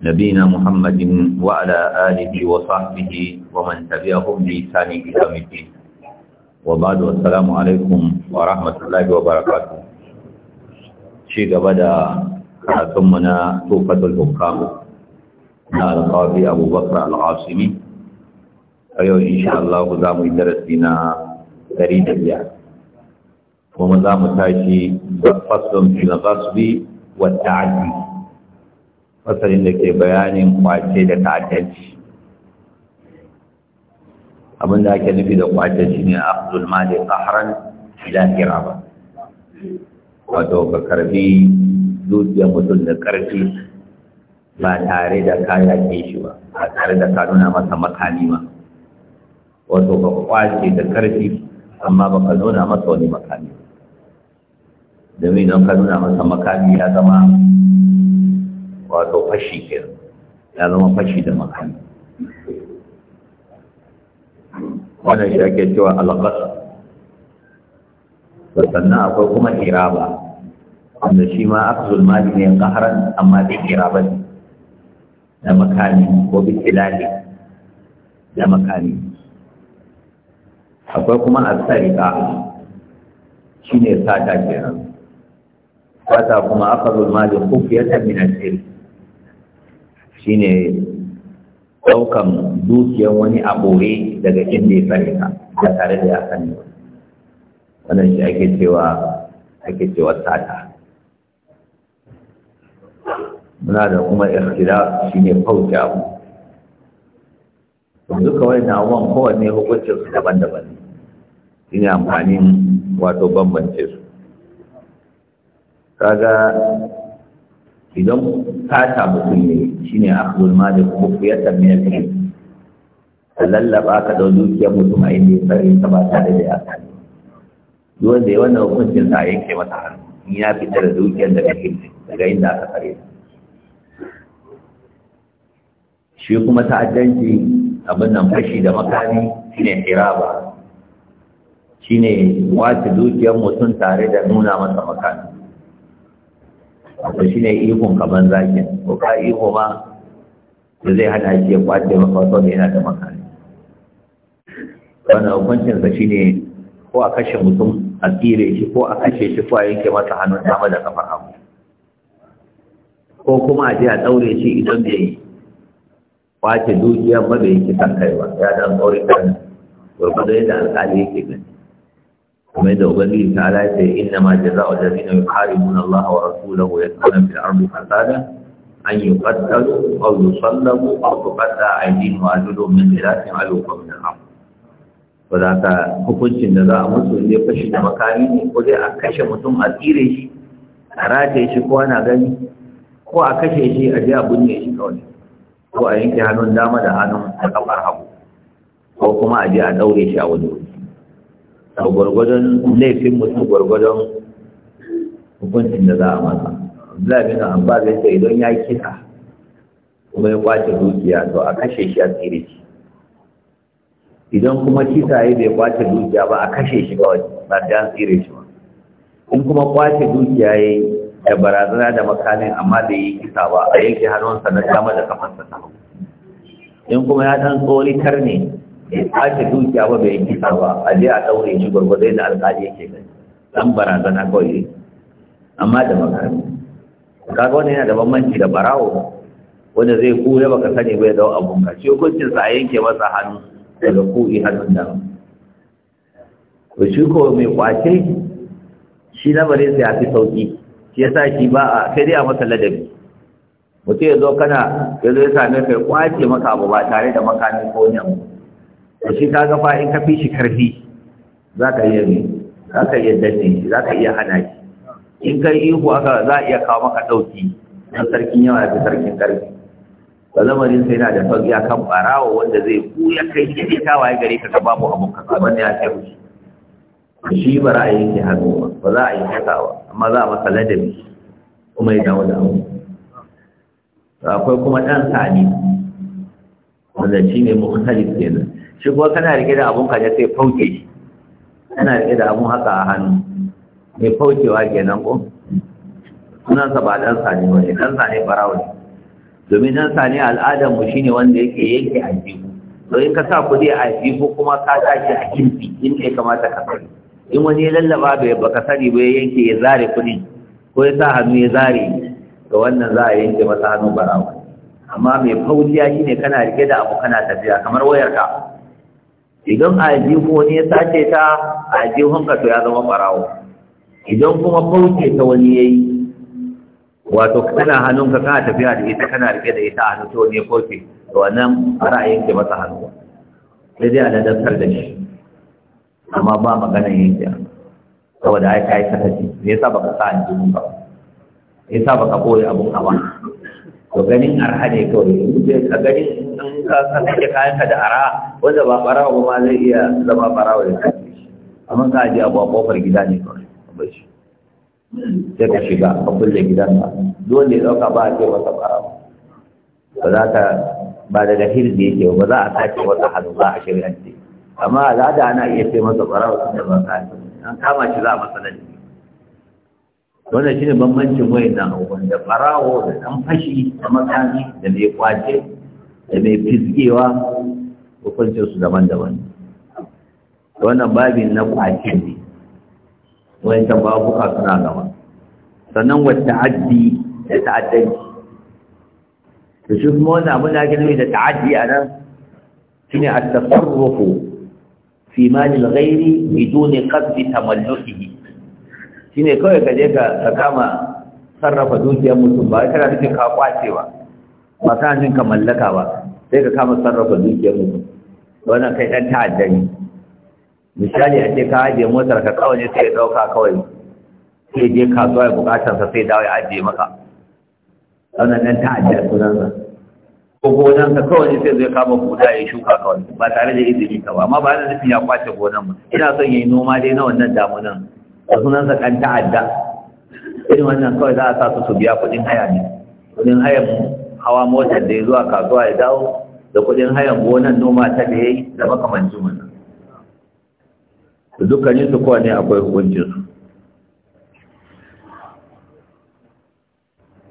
نبينا محمد وعلى آله وصحبه ومن تبعهم بإحسان إلى يوم الدين وبعد والسلام عليكم ورحمة الله وبركاته شيء بدا كراتمنا توفة الحكام على القاضي أبو بكر العاصمي أيوة إن شاء الله قدام درسنا دريد اليوم ومدام تاشي فصل في الغصب والتعدي fasalin da ke bayanin kwace da ta'addanci abin da ake nufi da kwace shi ne a da ƙaharan ila ba. wato ka karbi zuciyar mutum da ƙarfi ba tare da kaya ke shi ba ba tare da ka nuna masa makami ba wato ka kwace da ƙarfi amma ba ka nuna masa wani makami domin don ka nuna masa makami ya zama wato fashi ke ya zama fashi da makami wannan shi ake cewa da sannan akwai kuma iraba wanda shi ma aka zulma ne ƙaharan amma da iraba ne da makami ko bitilali da makami akwai kuma asarika shi ne sata kenan sata kuma aka zulma da kufiyar ta minasir shine ɗaukan dukiyar wani a daga inda ya sani ka ba tare da ya sani ba wannan shi ake cewa ake cewa sata muna da kuma ikhtila shine fauce abu duka wani na kowanne hukuncin su daban-daban shine amfanin wato bambance su kaga idan sata mutum ne shi ne shine ma mali kufiyatan min al fiye ka lallaba ka da dukiyar mutum a inda ya tsari ta ba tare da ya ne. duk da yi wannan hukuncin sa yanke masa hannu in ya fita da dukiyar daga daga inda aka tsare ta shi kuma ta'addanci abin nan fashi da makami shine hiraba ne wace dukiyar mutum tare da nuna masa makami wato shi ne ihun kaman zakin ko ka ihu ma da zai hana shi ya kwace maka wasu da yana da makani wannan sa shi ne ko a kashe mutum a tsire shi ko a kashe shi ko a yanke masa hannun dama da kafar hagu ko kuma a je a daure shi idan bai kwace dukiyar ba bai yi kisan kai ba ya dan tsauri kan gurgudu yadda alƙali yake gani kuma da ubangiji ta alaƙa yi inna ma jaza'u allazina mun Allah wa rasulahu yasuna fil ardi fasada an yuqattalu aw yusallabu aw tuqatta aydihim wa arjuluhum min khilafin aw yuqamu min al-ard to da ka hukuncin da za a musu ne fashi da makami ne ko dai a kashe mutum a tsire shi a rataye shi ko ana gani ko a kashe shi a ji a binne shi kawai ko a yanke hannun dama da hannun a kafar hagu ko kuma a ji a daure shi a wani wuri a gwargwadon laifin mutum gwargwadon hukuncin da za a masa zabi na an ba zai ce idan ya kisa kuma ya kwace dukiya to a kashe shi a tsire shi idan kuma kisa ya bai kwace dukiya ba a kashe shi ba ba da an tsire shi ba in kuma kwace dukiya ya da barazana da makamin amma da yi kisa ba a yanke hannunsa na dama da kafarsa ta in kuma ya dan tsoritar ne a ce dukiya ba bai kisa ba a je a daure shi gwargwado da alƙali yake gani dan barazana kawai amma da makarami kaga wannan yana da bambanci da barawo wanda zai ya baka sani bai dawo abun ka shi hukuncin sa a yanke masa hannu daga kuɗi hannun da ko shi ko mai kwace shi bare sai ya fi sauki shi yasa shi ba a kai dai a masa ladabi mutum ya zo kana ya zo ya same kai kwace maka abu ba tare da makami ko wani abu da shi ka gafa in ka fi shi karfi za ka iya ne za ka iya dace, shi za ka iya hana shi in yi ihu aka za a iya kawo maka ɗauki don sarkin yawa da sarkin karfi ba lamarin sai na da sauki kan barawa wanda zai kuya kai shi ne kawaye gare ka ka babu abun ka kamar ya ce shi shi ba ra'ayi a ke hannu ba za a yi ba, amma za a masa ladabi kuma ya dawo da abu akwai kuma ɗan sani wanda shi ne mukhtalif kenan shi kuma kana rike da abun kaje sai fauke shi kana rike da abun haka a hannu mai faukewa kenan ko sunansa ba dan sani ba ne dan sani barawo ne domin dan sani al'adar mu shine wanda yake yanke aljihu to in ka sa kuɗi a aljihu kuma ka tashi a kimfi in ya kamata ka sani in wani ya lallaba bai baka sani ba ya yanke ya zare kuɗin ko ya sa hannu ya zare ga wannan za a yanke masa hannu barawo amma mai fauriya shine kana rike da abu kana tafiya kamar wayarka idan aljihu ne ya sace ta aljihun ka to ya zama barawo idan kuma kauce ta wani ya yi, wato kana hannun ka kana tafiya da ita kana rike da ita a hannu to ne kofi?" to wannan a yanke masa hannu sai dai ana dantar da shi amma ba magana yin ta saboda aika ta ce me yasa baka sa aljihu ba me yasa baka koyi abun a ba ko ganin arha ne kawai in ka gani in ka kayan kayanka da ara wanda ba fara ba ma zai iya zama fara da kai amma ka ji abu a kofar gida ne kawai ba shi sai ka shiga a kulle gidan ba dole ya dauka ba a ce masa barawa ba za ka ba daga hirji yake ba za a sake wata hannu ba a shirya ce amma da ana iya ce masa fara wa da ba ka an kama shi za a masa lalaci wannan shine bambancin wayannan abubuwan da farawo da dan fashi da makami da mai kwace da mai fisgewa hukuncin su daban-daban wannan babin na kwace ne wayan babuka suna gaba sannan wata addi da ta'addanci Da shi kuma wannan abin da ake nufi da ta'addi a nan shine a tasarrufu fi mali al-ghairi biduni qasdi tamallukihi shine kawai ka je ka kama sarrafa dukiyar mutum ba kana nufin ka kwace ba ba kana jin ka mallaka ba sai ka kama sarrafa dukiyar mutum wannan kai dan ta'adda ne misali a ce ka ajiye motar ka kawai sai ya dauka kawai sai je kasuwa ya bukatar sa sai dawo ya ajiye maka wannan dan ta'adda sunan sa ko gonan ka kawai sai zai kama buda ya shuka kawai ba tare da izini ka ba amma ba na nufin ya kwace gonan mu ina son yayi noma dai na wannan damunan da sunan sa kan ta'adda irin wannan kawai za a sa su biya kuɗin haya ne kuɗin hayan hawa motar da ya zuwa kasuwa ya dawo da kuɗin hayan gonan noma ta da ya yi da makamancin wannan dukkanin su ne akwai hukuncin su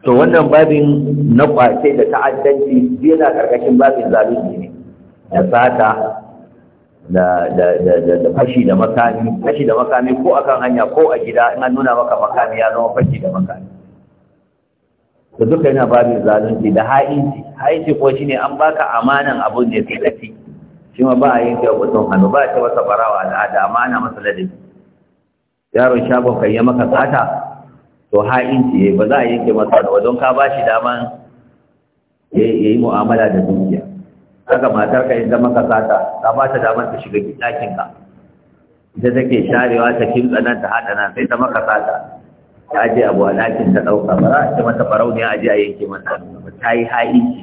to wannan babin na kwace da ta'addanci yana karkashin babin zalunci ne da sata da da fashi da makami fashi da makami ko akan hanya ko a gida ina nuna maka makami ya zama fashi da makami da duka yana babin zalunci da ha'inci ha'inci ko shine an baka amanan abun da sai kafi shi ma ba a yin kai mutum hannu ba ta wasa barawa al'ada amana masa ladabi yaron shagon kai ya maka sata to ha'inci ba za a yanke masa da don ka ba shi daman ya yi mu'amala da dukiya haka matar ka idan maka sata ta ba ta damar ta shiga ɗakin ka ita take sharewa ta kimtsa nan ta haɗana, sai ta maka sata ta je abu a ɗakin ta ɗauka ba za ta mata farauniya a je a yanke mata ta yi ha'inci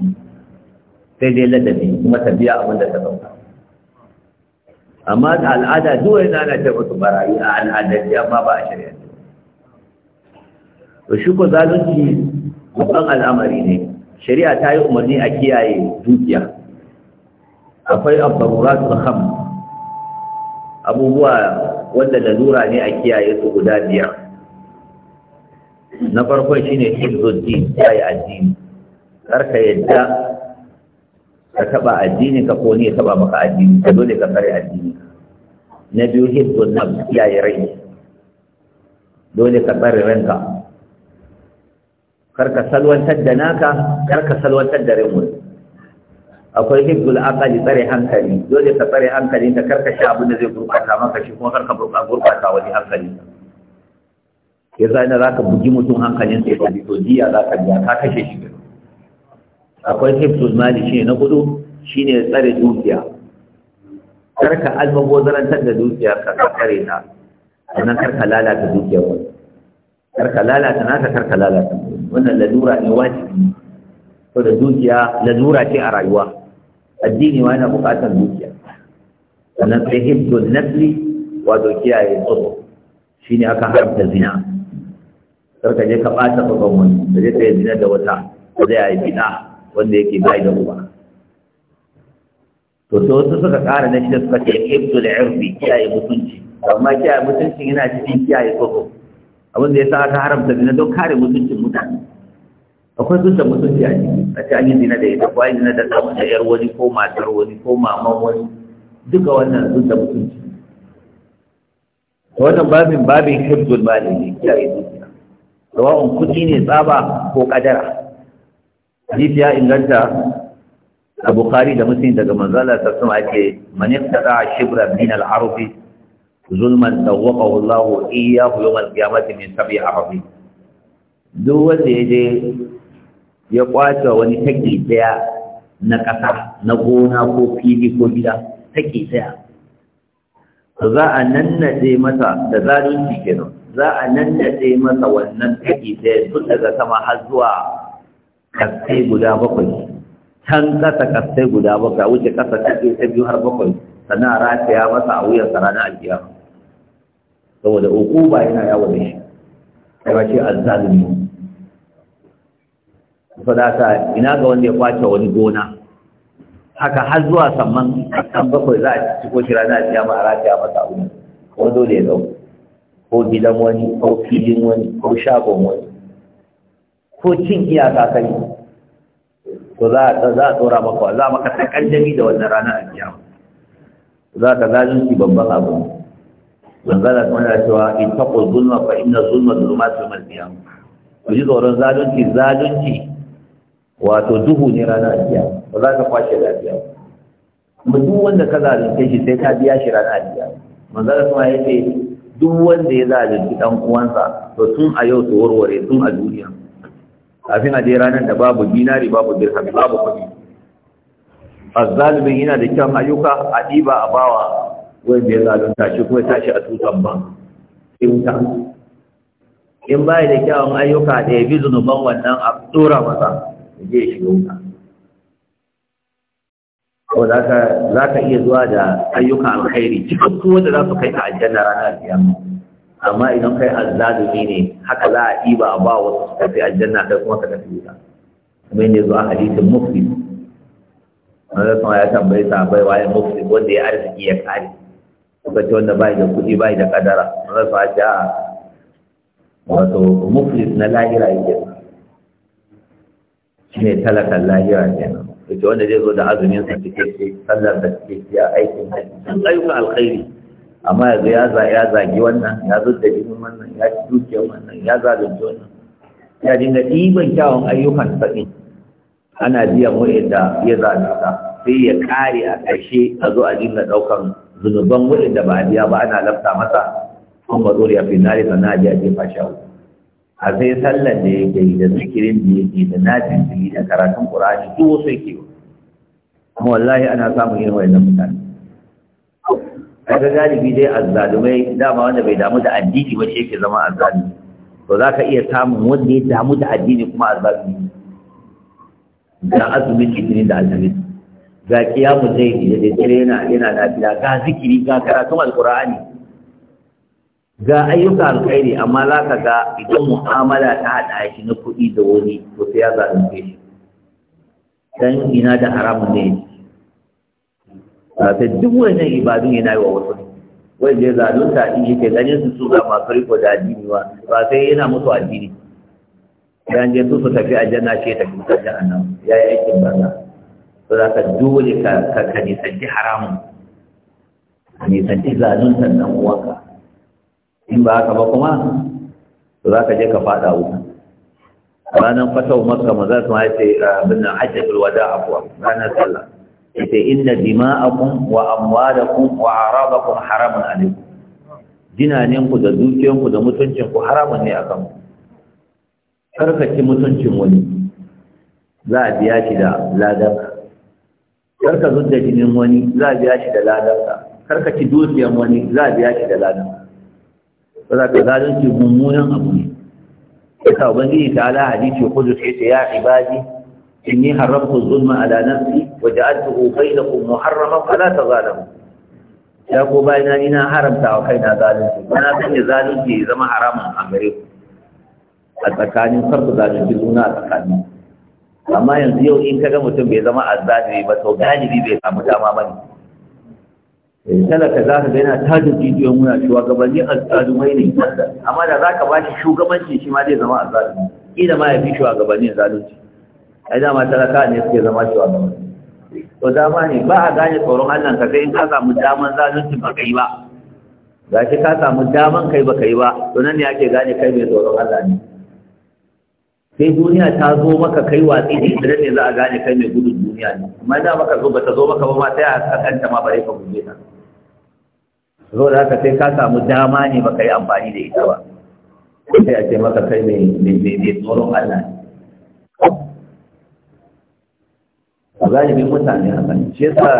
sai dai ladabi kuma ta biya abin da ta ɗauka amma da al'ada duwai na ana ce musu barayi a al'adar ya ma ba a shirya to shi ko zalunci babban al'amari ne shari'a ta yi umarni a kiyaye dukiya akwai al kham abubuwa wanda lalura ne a kiyaye su guda biyar na farko shine hifzuddin kiyaye addini kar ka yadda ka taba addini ka ko ne taba maka addini ka dole ka kare addini na biyu hifzun na kiyaye rai dole ka tsare ranka kar ka salwantar da naka kar ka salwantar da rai akwai hibbul aqali tsare hankali dole ka tsare hankali ka sha abin da zai gurbata maka shi kuma karka gurbata wani hankali ya zai na zaka bugi mutum hankalin sai ka bito jiya zaka biya ka kashe shi akwai hibbul mali shine na hudu shine tsare dukiya karka almubazarantar da dukiya ka tsare ta sannan karka lalata dukiyar wani karka lalata naka karka lalata wannan lalura ne wajibi ko da dukiya lalura ce a rayuwa addini ma yana buƙatar dukiya sannan sai hibdul nasli wato kiyaye tsoro shine aka haramta zina kar ka je ka ɓata babban wani ka je ka yi zina da wata ko zai yi ɗa wanda yake bai da uba to sai wasu suka ƙara na shida suka ce hibdul irfi kiyaye mutunci amma kiyaye mutunci yana cikin kiyaye tsoro abin da ya sa aka haramta zina don kare mutuncin mutane akwai duk da mutunci a ciki a ce an yi zina da ita ko an yi zina da ta, da yar wani ko matar wani ko maman wani duka wannan duk da mutunci ta wannan babin babin hibzul mali ne yi dukiya sawa'un kuɗi ne tsaba ko ƙadara? hadisi ya inganta a bukari da mutum daga manzala ta sun ake man da shibra min al-arfi zulman tawqahu iya iyyahu yawm al-qiyamati min sab'i arabi duk wanda ya je ya kwace wani take daya na ƙasa na gona ko fili ko gida take daya za a nannade masa da zalunci kenan za a nannade masa wannan take daya tun daga sama har zuwa kasai guda bakwai can ƙasa kasai guda bakwai wuce ƙasa take ta biyu har bakwai sannan a rataya masa a wuyan sa ranar alkiyama saboda uku ba yana yawo da shi ai ba ce azzalimi sadaka ina ga wanda ya kwace wani gona haka har zuwa samman kan bakwai za a ci ko shira na siya ma a rataya masa abu ko dole ya ko gidan wani ko filin wani ko shagon wani ko cin iyaka kai ko za a za a tsora maka za maka ta jami da wannan rana a kiyama za ka zalunci babban abu manzala kuma da cewa in taqul zulma fa inna zulma zulumatul qiyamah ku ji tsoron zalunci zalunci wato duhu ne ranar ajiya ba za ka kwashe lafiya ba duk wanda ka zalunce shi sai ka biya shi ranar ajiya manzara kuma ya ce duk wanda ya zalunci dan uwansa to tun a yau su warware tun a duniya kafin a je ranar da babu dinari babu dirham babu kuɗi azzalimin yana da kyan ayyuka a ɗiba a bawa wanda ya zalunta shi kuma tashi a tutan ba sai wuta in ba da kyawun ayyuka da ya bi zunuban wannan a tsora masa ya je shi shiga wuta ko za ka za ka iya zuwa da ayyukan alkhairi cikakku wanda za su kai ka aljanna ranar kiyama amma idan kai azzalumi ne haka za a ɗiba a ba wasu su tafi aljanna kai kuma ka tafi wuta kuma ne zuwa hadisin mufti wanda sun ya tambayi sahabai waye mufti wanda ya arziki ya kare suka ce wanda bai da kuɗi bai da kadara wanda sun ya ce wato mufti na lahira yake ne talakan lahira kenan yace wanda zai zo da azumin sa cikakke sallar da cikakke aikin da sun ayyuka alkhairi amma yanzu ya za ya zagi wannan ya zo da jinin wannan ya ci dukiyar wannan ya da wannan ya dinga ɗiban kyawun ayyukan sa ana ana biyan yadda ya ta. sai ya kare a ƙarshe a zo a dinga ɗaukan zunuban wa'inda ba a biya ba ana lafta masa kuma zuriya finali sana'a a jefa shawo a sai sallar da yake yi da zikirin da yake da nafin da yi da karatun qur'ani duk wasu yake kuma wallahi ana samun irin wannan mutane kaga galibi dai azzalumai dama wanda bai damu da addini ba shi yake zama azzalumi to za ka iya samun wanda ya damu da addini kuma azzalumi ga azumin litinin da azumin ga kiyamu zai da dare yana yana lafiya ga zikiri ga karatun alqur'ani ga ayyuka alkhairi amma za ka ga idan mu'amala ta haɗa shi na kuɗi da wani to sai ya zalunce shi dan ina da haramun ne sai duk wani ibadun yana yi wa wasu wanda ya zalunta yi ke ganin su su ga masu riko da addini ba ba sai yana musu addini dan je su su tafi aljanna ce ta a nan, ya yi aikin banza to za ka dole ka nisanci haramun nisanci zaluntar dan uwanka in ba haka ba kuma to za ka je ka faɗa wuta ranar fatau maka maza su a ah, abin nan hajjatul wada afuwa ranar sallah ita inna kun wa amma da kun wa kun haramun jinanen ku da dukiyanku da mutuncinku haramun ne akan ku karkaci mutuncin wani za a biya shi da ladarka karka zudda jinin wani za a biya shi da ladarka karkaci dukiyan wani za a biya shi da ladarka saboda ka zalunci mummunan abu ne Ya yasa ubangiji ta ala hadisi qudus yace ya ibadi yi haramta zulma a waje ala nafsi wa ja'altuhu bainakum muharraman fala tazalamu ya ko bayina ni na haramta wa kaina zalunci na sanya zalunci ya zama haramun a gare ku a tsakanin farko zalunci juna a tsakanin amma yanzu yau in ka ga mutum bai zama a azzalimi ba to galibi bai samu dama ba ne. Eh, talaka za ka ga yana tada jijiyoyin muna shugabanni azzalumai ne amma da za ka ba shi shugabanci shi ma zai zama azzalumi ila ma ya fi shugabanni zalunci ai dama talaka ne suke zama shugabanni to dama ne ba a gane tsoron Allah ka sai in ka samu daman zalunci ba kai ba ga shi ka samu daman kai ba kai ba to nan ne ake gane kai mai tsoron Allah ne sai duniya ta zo maka kai watsi da idan ne za a gane kai mai gudun duniya ne amma da maka zo ba ta zo maka ba ma ta yaya a kanta ma bare ka guje ta zo da haka sai ka samu dama ne baka yi amfani da ita ba sai a ce maka kai mai tsoron Allah ne. a galibin mutane a kan shi yasa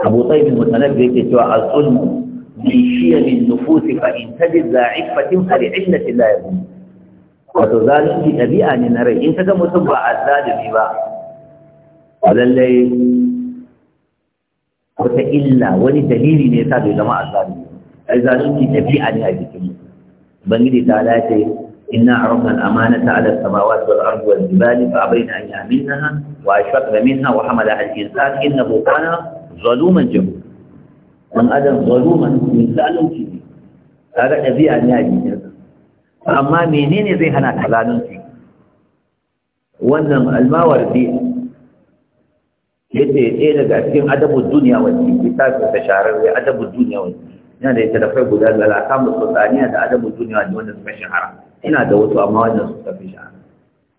abu tsaibin mutanen da yake cewa al'ulmu min shiyamin nufusi fa in tabi za'ifatin fa li'illati la yakun wato zalunci ɗabi'a ne na rai in kaga mutum ba azzalimi ba lallai wata illa wani dalili ne yasa bai zama azzalimi ai zalunci tafiya ne a jikin ubangiji ta lace inna arabna amana ta ala as-samawati wal ardi wal jibali fa abayna an yahmilnaha wa ashfaqna minha wa hamala al-insan innahu kana zaluman jahula man adam zaluman min zalunci ne kaga tabi'a ne a jikin amma menene zai hana ka zalunci wannan almawar almawardi Yadda ya ɗaya daga cikin adabu duniya wani littafin sharar shahararre adabu duniya wani yana da ita da fai guda da al'akamu sultaniya da adabu duniya wani wanda suka shahara ina da wasu amma wannan suka fi shahara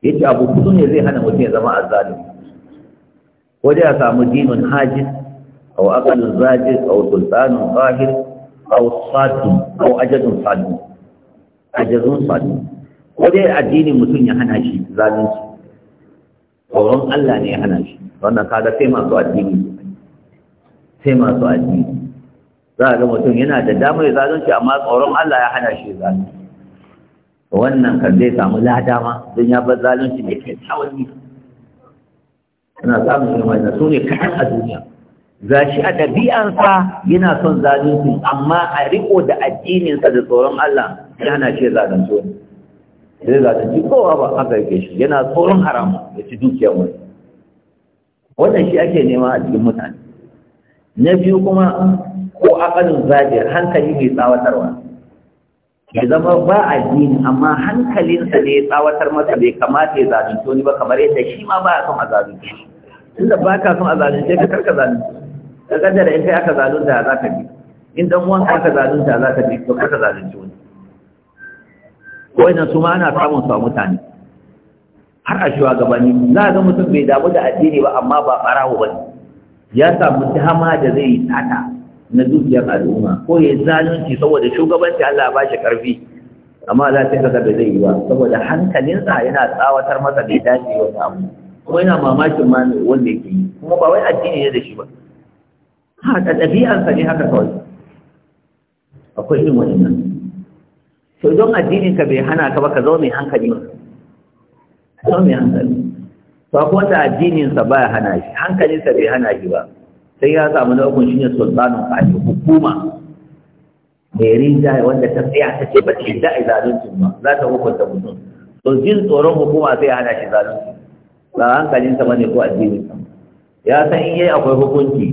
Ya ce abu kudu ne zai hana mutum ya zama azzalim ko dai a samu dinun hajiz a aqalun zajiz a sultanun qahir aw sadun aw ajadun sadun ajazun sadun ko dai addinin mutum ya hana shi zalunci tsoron Allah ne ya hana shi wannan kaga sai masu addini sai masu addini za a ga mutum yana da damar zalunci amma tsoron Allah ya hana shi zalunci wannan kan zai samu ladama don ya bar zalunci da kai ne yana samun yin wannan su ne kaɗan a duniya za shi a ɗabi'ansa yana son zalunci amma a riko da addininsa da tsoron Allah ya hana shi zalunci wani zai zalunci kowa ba haka yake shi yana tsoron haram ya ci dukiyar wani wannan shi ake nema a cikin mutane na biyu kuma ko akalin zajir hankali mai tsawatarwa ya zama ba a addini amma hankalinsa ne ya tsawatar masa bai kamata ya zalunce wani ba kamar yadda shi ma ba a son a zalunce shi tunda ba ka son a zalunce ka karka zalunce ka kaddara in kai aka zalunta za ka bi in dan uwan aka zalunta za ka bi to karka zalunce wani wannan su ma ana samun su a mutane har a shugabanni za a ga mutum bai damu da addini ba amma ba ɓarawo ba ya samu dama da zai yi tata na dukiyar al'umma ko ya zalunci saboda shugabanci Allah ba shi karfi amma za ta kaga da zai yi ba saboda hankalinsa yana tsawatar masa bai dace wa abu kuma yana mamakin ma wanda yake yi kuma ba wai addini ne da shi ba haka da ɗabi'ansa ne haka kawai akwai irin wannan to don addinin ka bai hana ka ba ka zama mai hankali ba Ko mai hankali ba ko wanda addininsa ba ya hana shi hankalinsa bai hana shi ba sai ya samu na hukun shi ne sultanin kashi hukuma mai rinjaye wanda ta tsaya ta ce ba ta yadda a zalunci ba za ta hukunta mutum to jin tsoron hukuma sai ya hana shi zalunci ba hankalinsa ba ne ko addininsa ya san in yayi akwai hukunci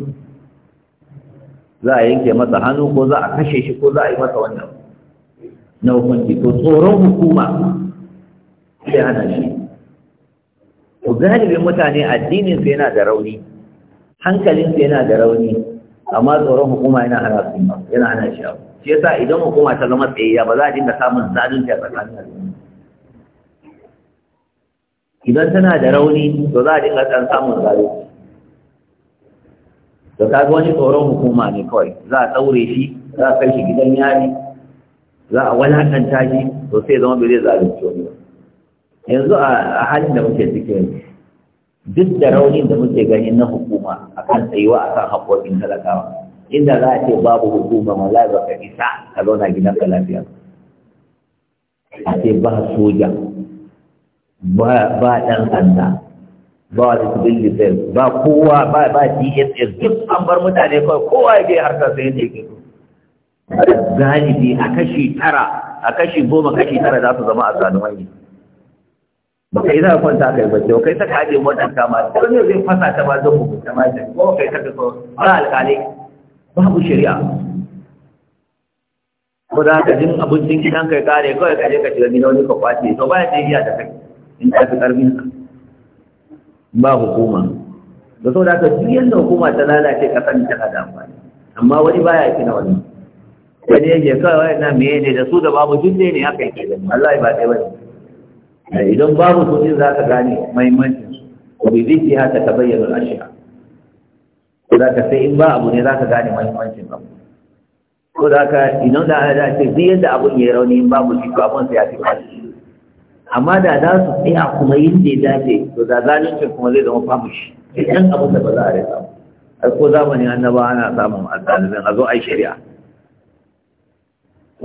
za a yanke masa hannu ko za a kashe shi ko za a yi masa wannan na hukunci to tsoron hukuma sai hana shi to galibin mutane addinin sai yana da rauni hankalin sai yana da rauni amma tsoron hukuma yana hana su yana hana shi abu shi yasa idan hukuma ta zama tsayayya ba za a dinga samun zalunci a tsakanin al'umma idan tana da rauni to za a dinga ɗan samun zalunci to ga wani tsoron hukuma ne kawai za a ɗaure shi za a kai shi gidan yari za a walakanta shi to sai zama bai zai zalunci wani ba yanzu a halin da muke cikin duk da raunin da muke gani na hukuma a kan tsayuwa a kan haƙoƙin talakawa inda za a ce babu hukuma ma ba ka isa ka zauna gidan ka lafiya a ce ba soja ba ɗan sanda ba wani bin defense ba kowa ba ba dss duk an bar mutane kawai kowa ya ke harkar sai ya ke galibi a kashi tara a kashi goma kashi tara za su zama a zalimai baka yi za kwanta kai bacci kai ta ajiye wannan kama ko ne zai fasa ta ba zan hukunta ma ta ko kai ta ko ba alƙali babu shari'a ko za ka jin abincin gidan kai kare kawai ka je ka shiga gidan wani ka kwace to baya ce iya da kai in ta fi karfin sa ba hukuma da sau da ka duk yadda hukuma ta lalace kasan tana da amfani amma wani baya yake na wani wani yake kawai na meye ne da su da babu duk ne ne haka yake Allah ba sai bane Eh, idan babu kuɗi za ka gane mahimmancin su ko bai zai ce haka ta bayyana ashiya za ka sai in ba abu ne za ka gane mahimmancin abu ko za ka idan da ana ce zai yadda abun ne rauni in babu shi ba abun sai a fi amma da za su tsaya kuma yin da ya dace to da zalincin kuma zai zama famushi sai ɗan abu da ba za a rasa ai ko zamanin annaba ana samun azzalimin a zo ai shari'a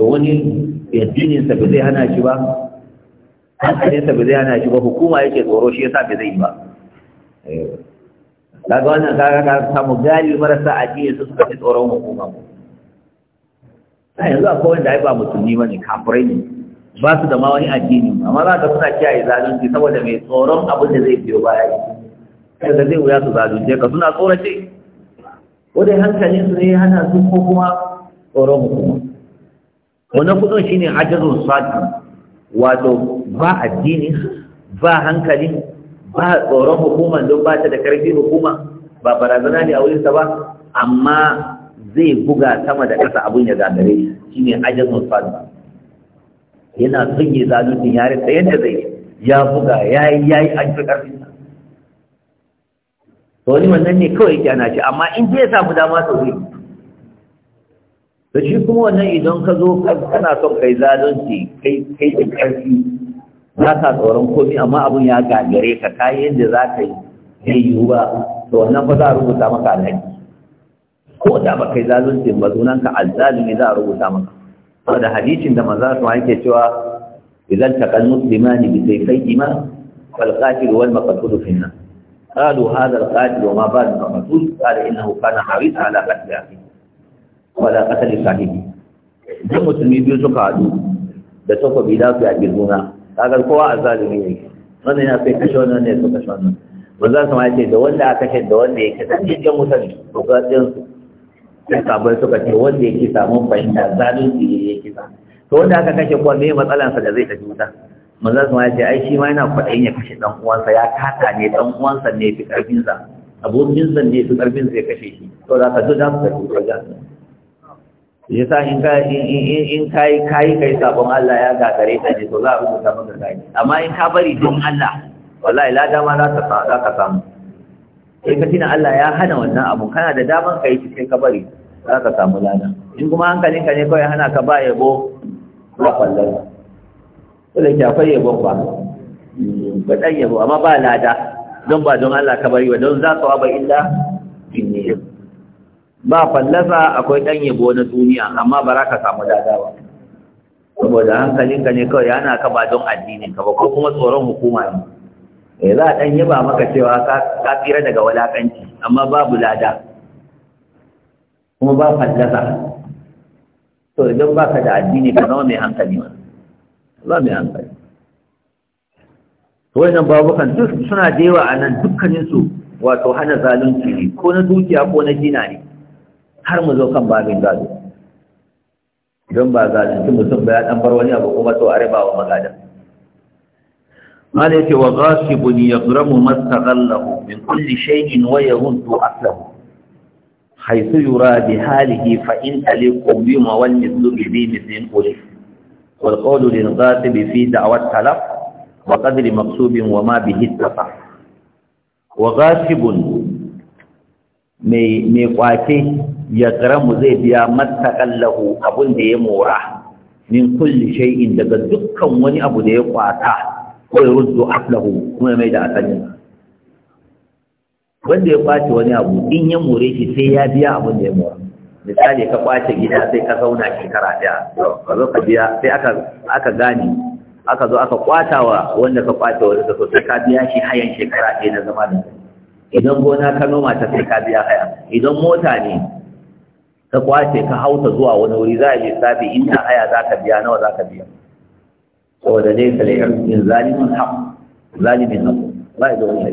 to wani yaddininsa ba zai hana shi ba hankalinsa ba zai hana shi ba hukuma yake tsoro shi yasa bai zai yi ba eh, ga wannan kaga ka samu gali marasa ajiye su suka fi tsoron hukuma a yanzu akwai wanda ai ba musulmi ne kafirai ne ba su da ma wani addini amma za ka suna kiyaye zalunci saboda mai tsoron abin da zai biyo baya kai da zai wuya su zalunce ka suna tsorace ko dai hankalin su ne hana su ko kuma tsoron hukuma wannan kudin shine ajazun sadin wato ba addini ba hankali ba tsoron hukuma don ba ta da karfi hukuma ba barazana ne a wurinsa ba amma zai buga sama da ƙasa abin ya gagare shi ne ajiyar musamman yana son yi zalutin yare ta yadda zai ya buga ya yi ya yi an fi wani wannan ne kawai yake ana shi amma in ya samu dama sau to shi kuma wannan idan ka zo kana son kai zalunci kai kai da karfi za ka tsoron komi amma abin ya gagare ka kayan yadda za ka yi yiwu ba to wannan ba za a rubuta maka alhaki ko da ba kai zalunci ba sunanka azzalimi za a rubuta maka saboda hadisin da manzo su yake cewa idan kan muslimani bi ima fal qatil wal maqtul fi an-nar qalu hadha al qatil wa ma al maqtul qala innahu kana harisa ala qatl akhihi wala qatali sahibi duk musulmi biyu suka haɗu da takobi bi su a juna kagar kowa a zalimi ne wannan ya kai kashe wannan ne su kashe wannan ba za su ce da wanda aka kashe da wanda ya da cikin mutane to ga ɗin su sai sabai suka ce wanda ya kisa mun fahimta zalunci ne ya kisa. to wanda aka kashe kuwa me matsalansa da zai tafi wuta manzo sama ya ce ai shi ma yana kwaɗayin ya kashe ɗan uwansa ya kata ne ɗan uwansa ne fi ƙarfinsa abokinsa ne fi ƙarfinsa ya kashe shi to za ka zo za su tafi wuta ya sa in ka in kai sabon Allah ya gagare ta ne to za a rubuta maka kai amma in ka bari don Allah wallahi la dama za ka za ka samu sai ka tina Allah ya hana wannan abu kana da daman ka shi sai ka bari za ka samu lada in kuma hankalin ka ne kawai hana ka ba yabo ba kwallon ko da akwai yabo ba ba dan yabo amma ba lada don ba don Allah ka bari ba don za ka wa ba illa bin ba fallasa akwai ɗan yabo na duniya amma ba za ka samu dada ba saboda hankalinka ne kawai yana ka ba don addininka ka ba ko kuma tsoron hukuma ne eh za a ɗan yaba maka cewa ka tsira daga walakanci amma babu lada kuma ba fallasa to idan ba ka da addini ka zama mai hankali ba ba mai hankali wannan babukan duk suna da yawa a nan dukkaninsu wato hana zalunci ko na dukiya ko na jina ne har mu zo kan babin gado don ba za su mutum ba ya dan bar wani abu kuma to a riba wa magadan malai ce wa ghasibun yaghramu mastaghallahu min kulli shay'in wa yahuddu aslahu haythu yura bi halihi fa in taliqu bi ma wal mithlu bi mithlin ulif wal qawlu lil ghasib fi da'wat talaf wa qadri maqsubin wa ma bihi ittafa wa ghasibun mai kwace ya karamu zai biya mattakallahu abun da ya mora min kulli shay'in daga dukkan wani abu da ya kwata ko ya ruddu aflahu kuma mai da asali wanda ya kwace wani abu in ya more shi sai ya biya abun da ya mora misali ka kwace gida sai ka zauna shekara daya ka zo ka biya sai aka aka gane aka zo aka kwatawa wanda ka kwace wa sai ka biya shi hayan shekara ɗaya na zama da idan gona ka noma ta sai ka biya haya idan mota ne ka kwace ka hauta zuwa wani wuri za a yi lissafi inda haya za ka biya nawa za ka biya saboda dai ka lai yin zalimin haku zalimin haku ba ya da wani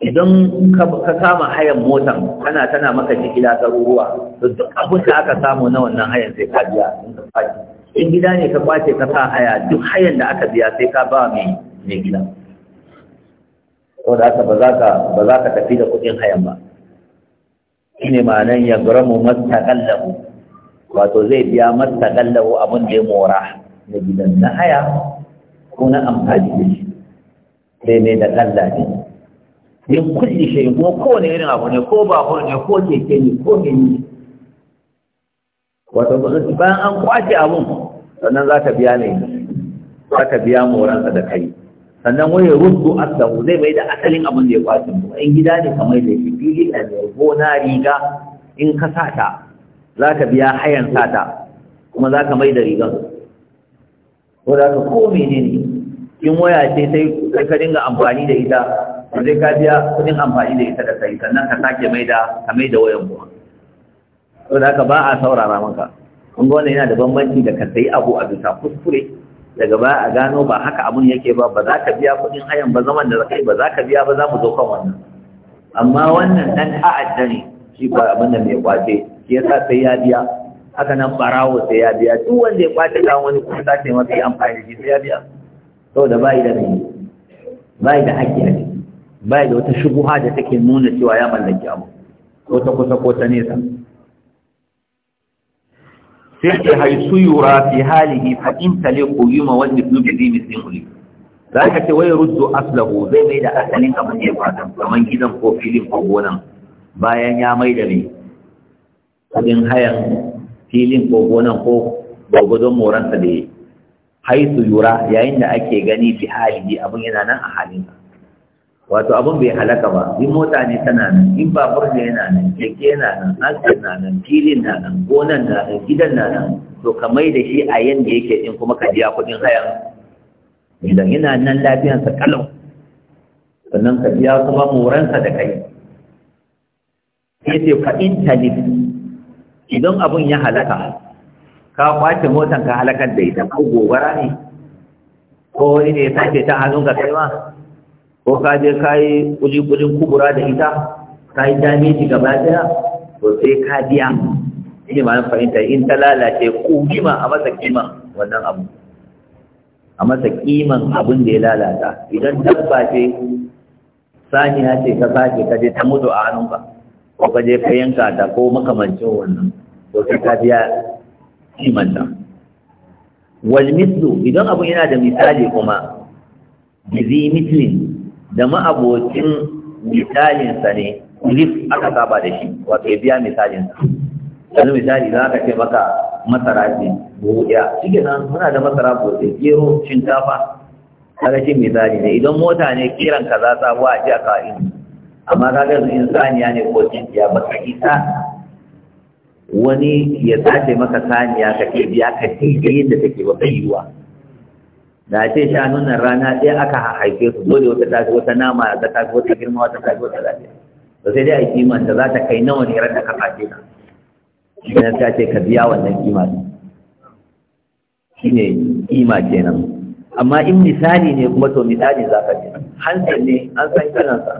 idan ka kama hayan motan kana tana maka jigila garuruwa to duk abin da aka samu na wannan hayan sai ka biya in ka kwace in gida ne ka kwace ka sa haya duk hayan da aka biya sai ka ba mai gida saboda aka ba za ka ba za ka tafi da kuɗin hayan ba shine ma'anan ya gramu mastaqallahu wato zai biya mastaqallahu abin da ya mora na gidan na haya ko na amfani da shi sai mai da kallafi yin kulli shi kuma kowane irin abu ne ko ba babur ne ko keke ne ko ne wato ba bayan an kwace abin sannan za ka biya ne za ka biya moransa da kai sannan wani a aslahu zai bai da asalin abin da ya kwace mu in gida ne kamar da shi fili da gona riga in ka sata za ka biya hayan sata kuma za ka mai da rigar ko da ka ko ne in waya ce sai ka dinga amfani da ita sai ka biya kudin amfani da ita da kai sannan ka sake mai da ka mai da wayan kuma ko da ka ba a saurara maka kun ga wannan yana da bambanci da ka sayi abu a bisa kuskure daga baya a gano ba haka abun yake ba ba za ka biya kuɗin hayan ba zaman da zakai ba za ka biya ba za mu zo kan wannan amma wannan dan ta'adda ne shi ba abin da mai kwace shi yasa sai ya biya haka nan barawo sai ya biya duk wanda ya kwace kan wani kuma ta yi masa amfani da shi sai ya biya saboda bai da mai yi da haƙƙi a ciki yi da wata shubuha da take nuna cewa ya mallaki abu ko ta kusa ko ta nesa sai ce haisu yura fi halihi fa in taliqu yuma wal ibnu bi dhi mithlihi zaka ce wai ruddu aslahu zai mai da asalin abin da ya fada kaman gidan ko filin ko gonan bayan ya mai da ne kudin hayan filin ko gonan ko gwagwadon moransa da ya haisu yura yayin da ake gani fi halihi abin yana nan a halinka. wato abin bai halaka ba in mota ne tana nan in babur ne yana nan keke yana nan asir na nan filin na nan gonan na nan gidan na nan to ka mai da shi a yanda yake in kuma ka biya kuɗin hayan idan yana nan lafiyarsa kalau sannan ka biya kuma moransa da kai yace ce fa in talib idan abin ya halaka ka kwace motan ka halakar da ita ko gobara ne ko wani ne ya sace ta hannun ka kai ma ko ka je ka yi kubura da ita ka yi dameji gaba daya to sai ka biya shi ma fahimta in ta lalace kima a masa kima wannan abu a masa kiman abin da ya lalata idan dabba ce saniya ce ka sake ka je ta mutu a hannun ka. ko ka je ka yanka ta ko makamancin wannan ko sai ka biya kimanta wal mislu idan abu yana da misali kuma bizi mislin da ma'abocin misalinsa ne lif aka saba da shi wato ya biya misalinsa yanzu misali za ka ce maka masara ce buɗiya ɗaya nan muna da masara buɗe gero shinkafa kaga shi misali ne idan mota ne kiran ka za ta wa ji a ka'in amma ka ga su saniya ne ko cinkiya ba ka isa wani ya sace maka saniya ka ke biya ka daidai yadda take ba kai da ce shanun nan rana ɗaya aka haife su dole wata tafi wata nama da tafi wata girma wata tafi wata lafiya to sai dai a kiman da za ta kai nawa ne ran da ka kace ta idan ta ce ka biya wannan kima ne. shine kima kenan amma in misali ne kuma to misali za ka ce hansar ne an san kiransa,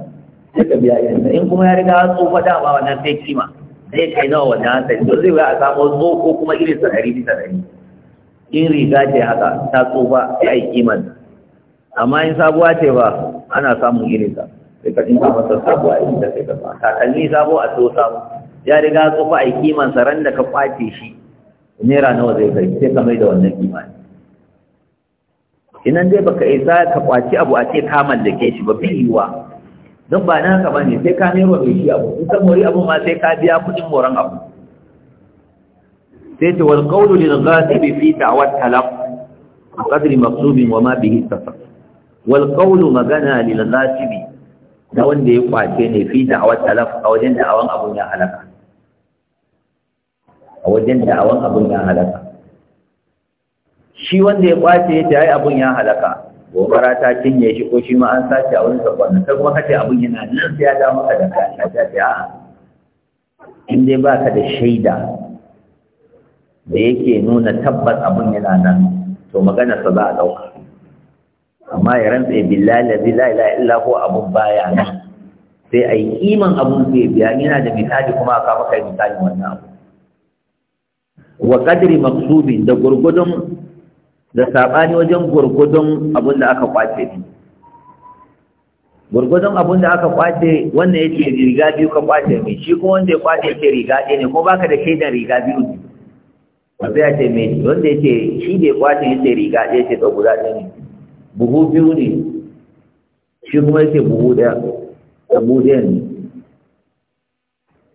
sai ka biya irinsa in kuma ya riga an tsofa dama wannan sai kima zai kai nawa wannan hansar to zai wuya a samu tso ko kuma irinsa ɗari bisa ɗari in riga ce haka ta tsufa ya yi kiman amma in sabuwa ce ba ana samun irin ta sai ka dinka masa sabuwa irin da sai ka sa takalmi sabo a so sabo ya riga tsufa a yi kiman saran da ka kwace shi naira nawa zai kai sai ka mai da wannan kimani inan dai baka isa ka kwaci abu a ce ka mallake shi ba bai yiwa don ba na haka bane sai ka nero mai shi abu in ka mori abu ma sai ka biya kuɗin moran abu sai ce wal qawlu lil ghasibi fi da'wat talab qadri maqsubin wa ma bihi tasaf wal qawlu magana lil ghasibi da wanda ya kwace ne fi da'wat talab a wajen da'awan abun ya halaka a wajen da'awan abun ya halaka shi wanda ya kwace ya ce ai abun ya halaka gobara ta cinye shi ko shi ma an sace a wurin sabon ta kuma kace abun yana nan sai ya da maka da kashi ta ce a'a in dai baka da shaida da yake nuna tabbas abun yana nan to magana sa za a ɗauka amma ya rantse billahi la ilaha illa ko abun baya nan sai ai yi kiman abun zai biya yana da misali kuma aka maka misali misalin wannan abu wa kadri maksubin da gurgudun da saɓani wajen gurgudun abun da aka kwace ne gurgudun abun da aka kwace wannan ya riga biyu ka kwace mai shi kuma wanda ya kwace ya riga ɗaya ne ko baka da shaidan riga biyu ne ba sai ce me wanda ya ce shi ne kwatin ya ce riga ɗaya ce ɗau guda ɗaya ne buhu biyu ne shi kuma ya ce buhu ɗaya da buhu ɗaya ne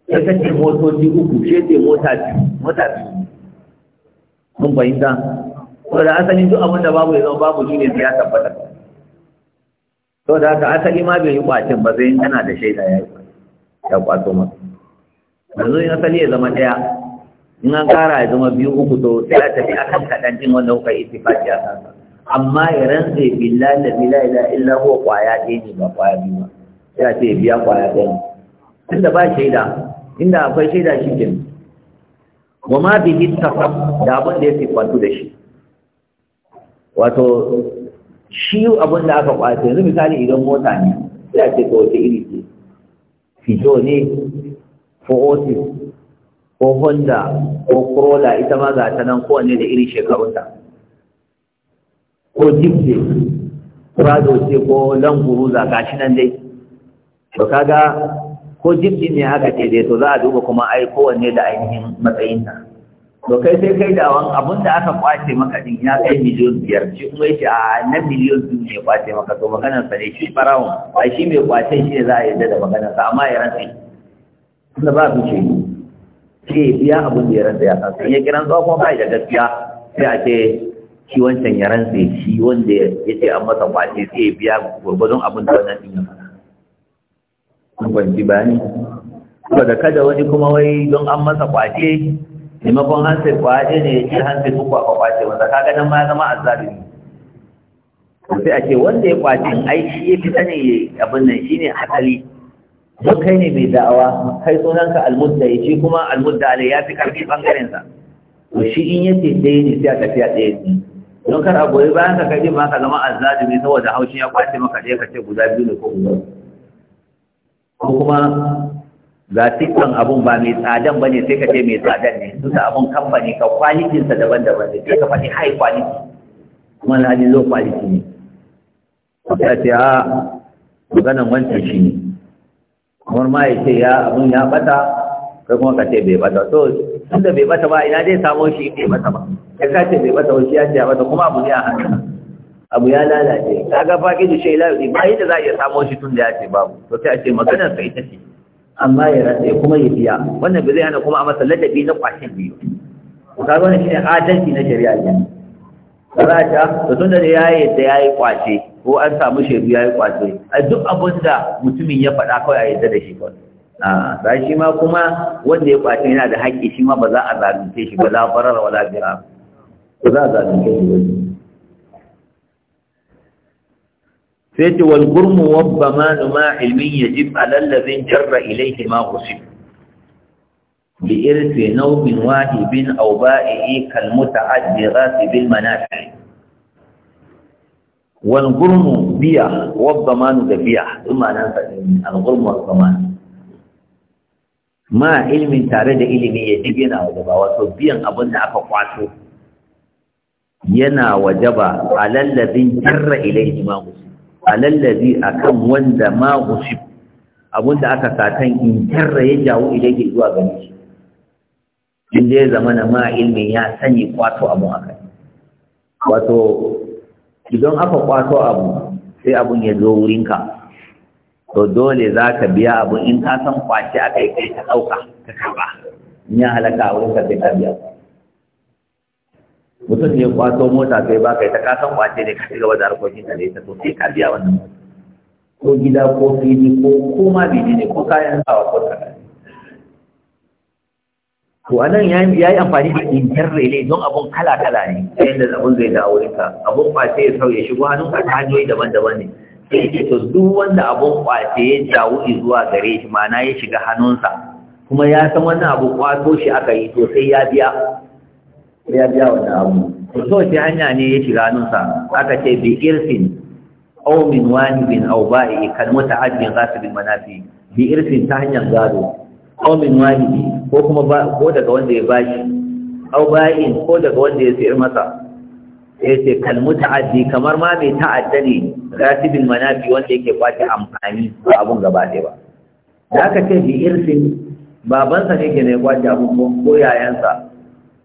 ya ce motoci uku shi ce mota biyu mota biyu mun fahimta ko da asalin duk abin da babu ya zama babu shi ne sai ya tabbata to da haka asali ma bai yi kwatin ba sai in kana da shaida ya yi ya kwato maka yanzu in asali ya zama ɗaya in an kara ya zama biyu uku to sai a tafi kan kaɗan jin wanda kuka yi tifaki a kansa amma ya rantse billahi da billahi la illa huwa kwaya ɗaya ne ba kwaya biyu ba sai a ce ya biya kwaya ɗaya tunda ba shaida inda akwai shaida shi ke wa ma bihi tasab da abin da ya sifantu da shi wato shi abin da aka kwace yanzu misali idan mota ne sai a ce to wace iri ce fito ne ko otis ko honda ko corolla ita ma ga ta nan kowanne da irin shekarunta ko jeep ce prado ce ko languruza ga shi nan dai to kaga ko jeep ne haka ce dai to za a duba kuma ai kowanne da ainihin ta to kai sai kai da wan abin da aka kwace maka din ya kai miliyon biyar shi kuma yace a na miliyon biyu ne kwace maka to maganar sa ne shi farawon ai shi mai kwace shi ne za a yarda da maganar sa amma ya rantsi tunda ba su ce ce biya abin da ya rantsa ya san sanye kiran tsawa kuma bai da gaskiya sai a ce shi wancan ya rantsa shi wanda ya ce an masa kwace sai ya biya gurgurdun abin da wannan din ya fara. kun fahimci bayani da kada wani kuma wai don an masa kwace maimakon hansa kwace ne ya ce hansa duk kwa kwace wanda ka nan ma ya zama azzalimi sai a ce wanda ya kwace ai shi ya fi ne abin nan shine asali don kai ne mai da'awa kai sunanka almudda ya kuma almudda ale ya fi bangaren ɓangarensa to shi in ya ce ɗaya ne sai a tafiya ɗaya ne don kar a goyi bayan ka kai ma ka zama ne saboda haushin ya kwace maka ɗaya ka ce guda biyu ne ko guda ko kuma ga tikkan abun ba mai tsadan ba ne sai ka ce mai tsadan ne duk da abun kamfani ka sa daban-daban ne sai ka faɗi high quality kuma na ji low quality ne ka ce a ah, maganan wancan shi ne kamar ma ya ce ya abin ya bata kai kuma ka ce bai bata to tunda bai bata ba ina zai samo shi bai bata ba ya ka ce bai bata wasu ya ce ya bata kuma abu ne a hannun abu ya lalace ga faƙi da shi lalace ba yadda za a iya samo shi tun da ya ce babu to sai a ce maganar sa ita ce amma ya rasa kuma ya biya wannan bai zai hana kuma a masa ladabi na kwashin biyu kaga wannan shine adalci na shari'a ne ba za ta ah, to tunda da yayi da yayi kwace ko an samu shaidu ya yi kwace a duk abin da mutumin ya faɗa kawai a yadda da shi ba. a ba shi ma kuma wanda ya kwace yana da haƙƙi shi ma ba za a zalunce shi ba la farar wa la jira ba za a zalunce shi ba sai ce wal gurmu wabba ma numa ilmin yajib a lallabin jarra ilaihi ma kusi bi irfi nawbin wahibin aw ba'i kal muta'addi ghasib al wal gurmu biya wa zamanu da biya imanan sa al gurmu wa zamanu ma ilimin tare da ilimi ya jigina wajaba wato biyan abin da aka kwato yana wajaba alallazin jarra ilaihi a lallabi a akan wanda ma abin da aka satan in jarra ya jawo ilaihi zuwa gani shi inda ya zamana ma ilimin ya sanya kwato a akai wato idan aka kwato abu sai abun ya zo wurinka to dole za ka biya abun in ka san kwace aka yi kai ta ɗauka ka kaba in ya halaka a wurinka sai ka biya mutum ne kwato mota sai ba kai ta san kwace ne ka ci gaba da harkokin ka ne ta to sai ka biya wannan ko gida ko fili ko koma bene ne ko kayan sawa ko tsakani to anan ya yi amfani da inkar rele don abun kala-kala ne ta yadda abun zai da wurinka abun kwace ya sauya shigo hannunka ta hanyoyi daban-daban ne sai ce to duk wanda abun kwace ya jawo zuwa gare shi mana ya shiga hannunsa kuma ya san wannan abu kwato shi aka yi to sai ya biya ya biya wannan abu to so hanya ne ya shiga hannunsa aka ce bi irsin aw min wani bin aw ba'i kal muta'addin bi manafi bi irfin ta hanyar gado aw min walidi ko kuma ba ko daga wanda ya bashi aw ba'in ko daga wanda ya sayar masa ya ce kalmu ta'addi kamar ma mai ta'adda ne rasibin manafi wanda yake kwace amfani ba abun gaba ɗaya ba da aka ce bi irsin babansa ne ke ne kwace abun ko yayansa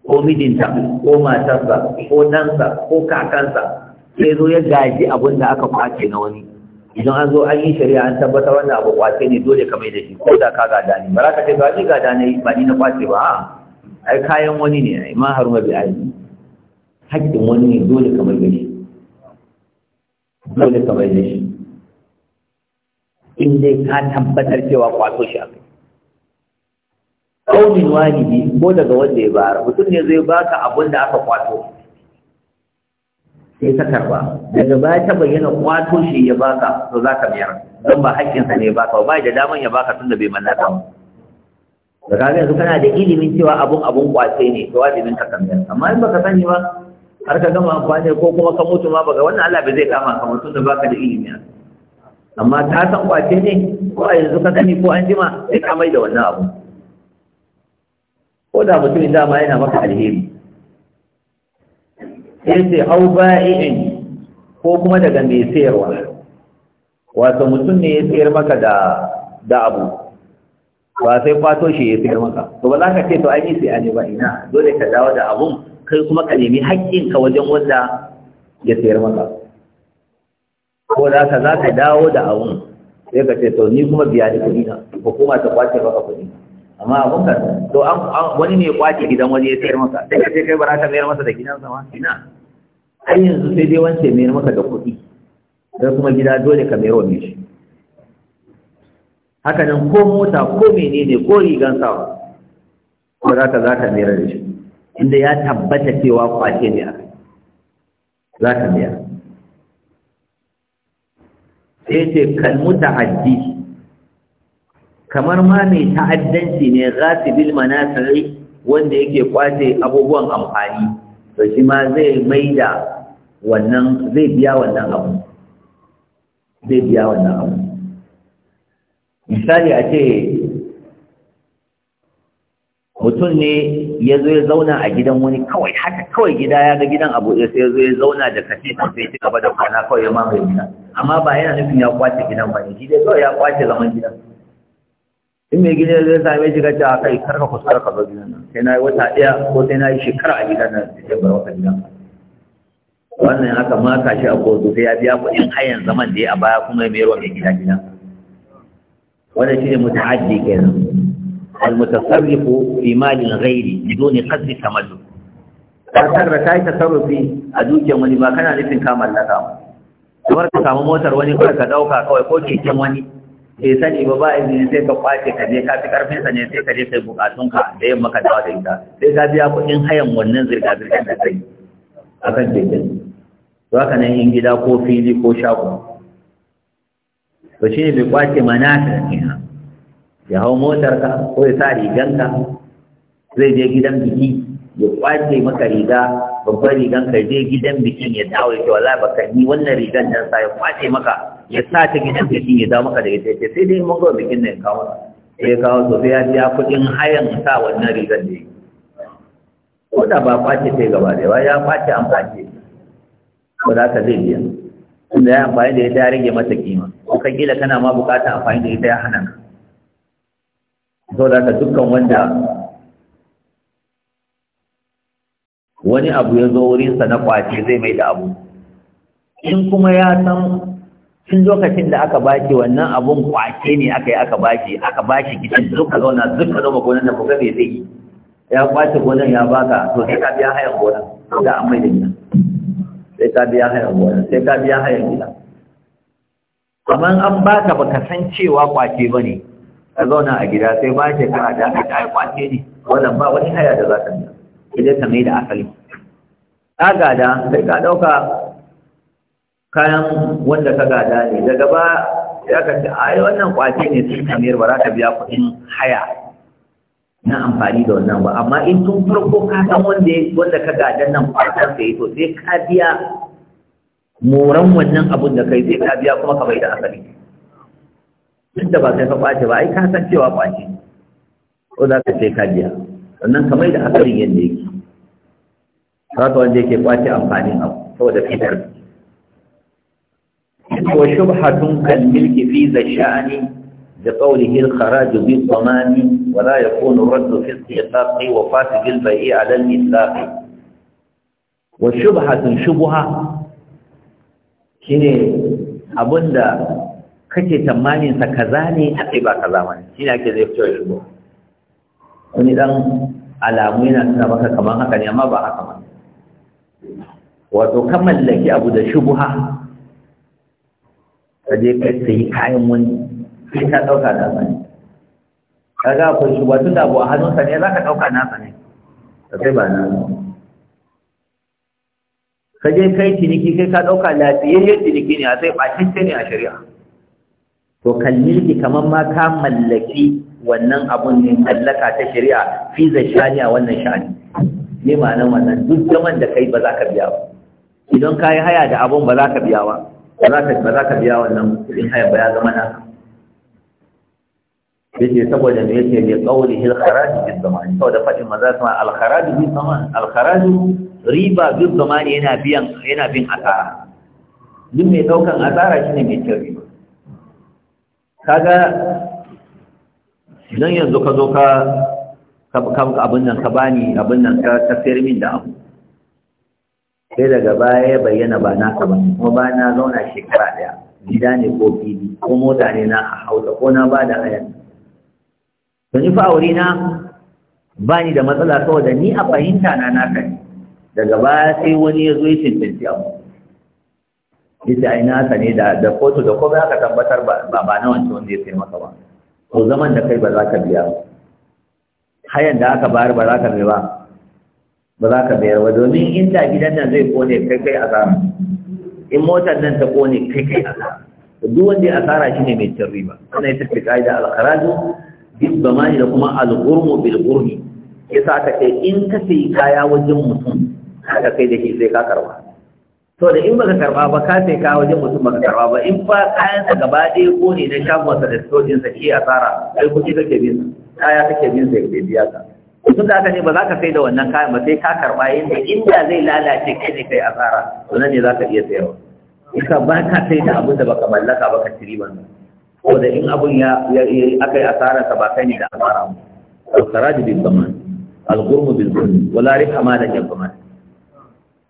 ko mijinta ko matarsa ko sa, ko kakansa sai zo ya gaji abun da aka kwace na wani idan an zo an yi shari'a an tabbata wannan abu kwace ne dole ka mai da shi ko da ka gada ne ba za ka ce ba ni gada ne ba ni na kwace ba ai kayan wani ne ma haruma bi ai haƙƙin wani ne dole ka mai da shi dole ka mai da shi in dai ka tabbatar cewa kwato shi a kai kaunin walidi ko daga wanda ya bara mutum ne zai baka abin da aka kwato sai ka karba daga baya ta bayyana kwato shi ya baka to za ka biyar don ba haƙƙinsa ne ya baka ba da daman ya baka tun da bai mallaka ba da kaga yanzu kana da ilimin cewa abun abun kwace ne to wajibin ka kan amma in baka sani ba har ka gama amfani ko kuma ka mutu ma baka wannan Allah bai zai kama ka mutu da baka da ilimi amma ta san kwace ne ko a yanzu ka sani ko an jima sai ka mai da wannan abu ko da mutumin dama yana maka alheri yace ce au ko kuma daga mai sayarwa wato mutum ne ya sayar maka da da abu ba sai kwato shi ya sayar maka to ba za ka ce to an yi saya ba ina dole ka dawo da abun kai kuma ka nemi ka wajen wanda ya sayar maka ko da ka za ka dawo da abun sai ka ce to ni kuma biya ni kuɗi na hukuma ta kwace maka kuɗi amma abun ka to wani ne ya kwace gidan wani ya sayar maka sai ka ce kai ba za ka mayar masa da gidansa ma ina har yanzu sai dai wance mai maka da kuɗi don kuma gida dole ka mai robe shi haka nan ko mota ko menene ko rigan sawa ko za ka za ka mayar da shi inda ya tabbata cewa kwace ne kai, za ka mayar sai ce kalmu ta'addi kamar ma mai ta'addanci ne za su bil manasiri wanda yake kwace abubuwan amfani to shi ma zai mai da wannan zai biya wannan abu zai biya wannan abu misali a ce mutum ne ya zo ya zauna a gidan wani kawai haka kawai gida ya ga gidan abu ya sai ya zo ya zauna da kashe ta sai ci gaba da kwana kawai ya mamaye gida amma ba yana nufin ya kwace gidan ba ne shi dai kawai ya kwace zaman gidan in mai gina zai same shi gaci a kai karka kuskar ka zo gina nan sai na yi wata ɗaya ko sai na yi shekara a gidan nan da ke bar wata gidan wannan haka ma ka shi a kotu sai ya biya kuɗin hayan zaman da ya a baya kuma ya mayar wa mai gida gidan wannan shi ne mutahaddi kenan almutasarrifu fi malin ghairi biduni qasdi tamallu ka ta yi tasarrufi a dukiyar wani ba kana nufin ka mallaka kamar ka samu motar wani kawai ka ɗauka kawai ko keken wani ke sani ba ba izini sai ka kwace ka je ka fi karfin sa ne sai ka je kai bukatun ka da yamma ka dawo da ita sai ka biya kuɗin hayan wannan zirga zirgar da kai kan keken to haka nan in gida ko fili ko shago to shine bai kwace ta ne ya hau motar ka ko ya sa rigan ka zai je gidan biki ya kwace maka riga babban rigan ka je gidan bikin ya dawo ya ce wallahi baka ni wannan rigan nan sa ya kwace maka ya sa ta gidan da shi ya dawo maka da ita ce sai dai mun ga bikin ya kawo sai ya kawo to sai ya biya kuɗin hayan sa wannan rigar da ko da ba kwace sai gaba da yawa ya kwace an kwace ko za ka zai biya inda ya amfani da ita ya rage masa kima ko ka gila kana ma bukata amfani da ita ya hana ka so da dukkan wanda wani abu ya zo wurinsa na kwace zai mai da abu in kuma ya san tun lokacin da aka baki wannan abun kwace ne aka yi aka baki aka baki gidan ka zauna ka zama gonan da kuka mai zai ya kwace gonan ya baka to sai ka biya hayan gonan da amai da gida sai ka biya hayan gonan sai ka biya hayan gida amma an baka ka san cewa kwace bane ka zauna a gida sai ba ke kana da aka ai kwace ne wannan ba wani haya da za ka biya idan ka mai da asali kaga gada sai ka dauka kayan wanda ka gada ne daga ba ya kanta a yi wannan kwace ne sun samir ba za ka biya kuɗin haya na amfani da wannan ba amma in tun farko ka san wanda wanda ka gada nan kwatan sai to sai ka biya moran wannan abun da kai sai ka biya kuma ka bai da asali duk da ba sai ka kwace ba ai ka san cewa kwace ko za ka sai ka biya sannan ka mai da asali yadda yake ka wanda yake kwace amfanin abu saboda fitar وشبهة كالملك في ذا الشأن بقوله الخراج بالضمان ولا يكون الرد في السياق وفاسد البيع على الإطلاق وشبهة شبهة شنو abinda kake tamanin sa kaza ne kai ba kaza ba shine ake zai fito shigo kuni dan alamu yana nuna maka kaman haka ne amma ba haka ba wato ka mallaki abu da shubha ka je ka sayi kayan wani sai ka ɗauka da sani ka ga akwai shi tun da abu a hannunsa ne za ka ɗauka na sani ka kai ba na ka je kai ciniki kai ka ɗauka lafiyayyen ciniki ne a sai bakin ne a shari'a to ki kamar ma ka mallaki wannan abun ne mallaka ta shari'a fi za shani a wannan shani ne ma'anar wannan duk zaman da kai ba za ka biya ba idan ka yi haya da abun ba za ka biya ba ba za ka ba za ka biya wannan kuɗin haya ba ya zama naka yace saboda me yake bi qawli hil kharaj bi zamani saboda fadin maza su al kharaj bi zaman al kharaj riba bi zamani yana biyan yana bin asara duk mai daukan asara shine mai cin riba kaga idan yanzu ka zo ka abin nan ka bani abin nan ka sayar min da abu sai daga baya ya bayyana ba na ba kuma ba na zauna shekara daya gida ne ko fili ko mota ne na a hauta ko na ba da hayan to ni fa aure na ba ni da matsala saboda ni a fahimta na na kai daga baya sai wani ya zo ya cancanci abu yace ai na ka ne da da kotu da kuma aka tabbatar ba ba na wancan wanda ya sai maka ba to zaman da kai ba za ka biya hayan da aka bayar ba za ka biya ba ba za ka bayar ba domin inda gidan nan zai kone kai kai asara in motar nan ta kone kai kai asara duk wanda ya asara shine mai tarri ba. wannan ita ce kaida al-kharaju bil bamani da kuma al-ghurmu bil ghurmi yasa ta kai in ka sai kaya wajen mutum haka kai da shi sai ka karba to da in baka karba ba ka sai ka wajen mutum baka karba ba in ba kayan sa gaba ɗaya ko na shagon sa da sojin sa ke asara kai kuɗi kake bin sa kaya kake bin sa ya biya ka tun da aka ce ba za ka sai da wannan kayan ba sai ka karɓa yadda inda zai lalace kai ne kai asara to nan ne za ka iya sayarwa isa ba ka sai da abin da baka mallaka baka ka riban ba. ko da in abin ya aka yi asara ka ba kai ne da asara mu al-saraj bin zaman al-ghurm bil ghurm wala riha ma da jabman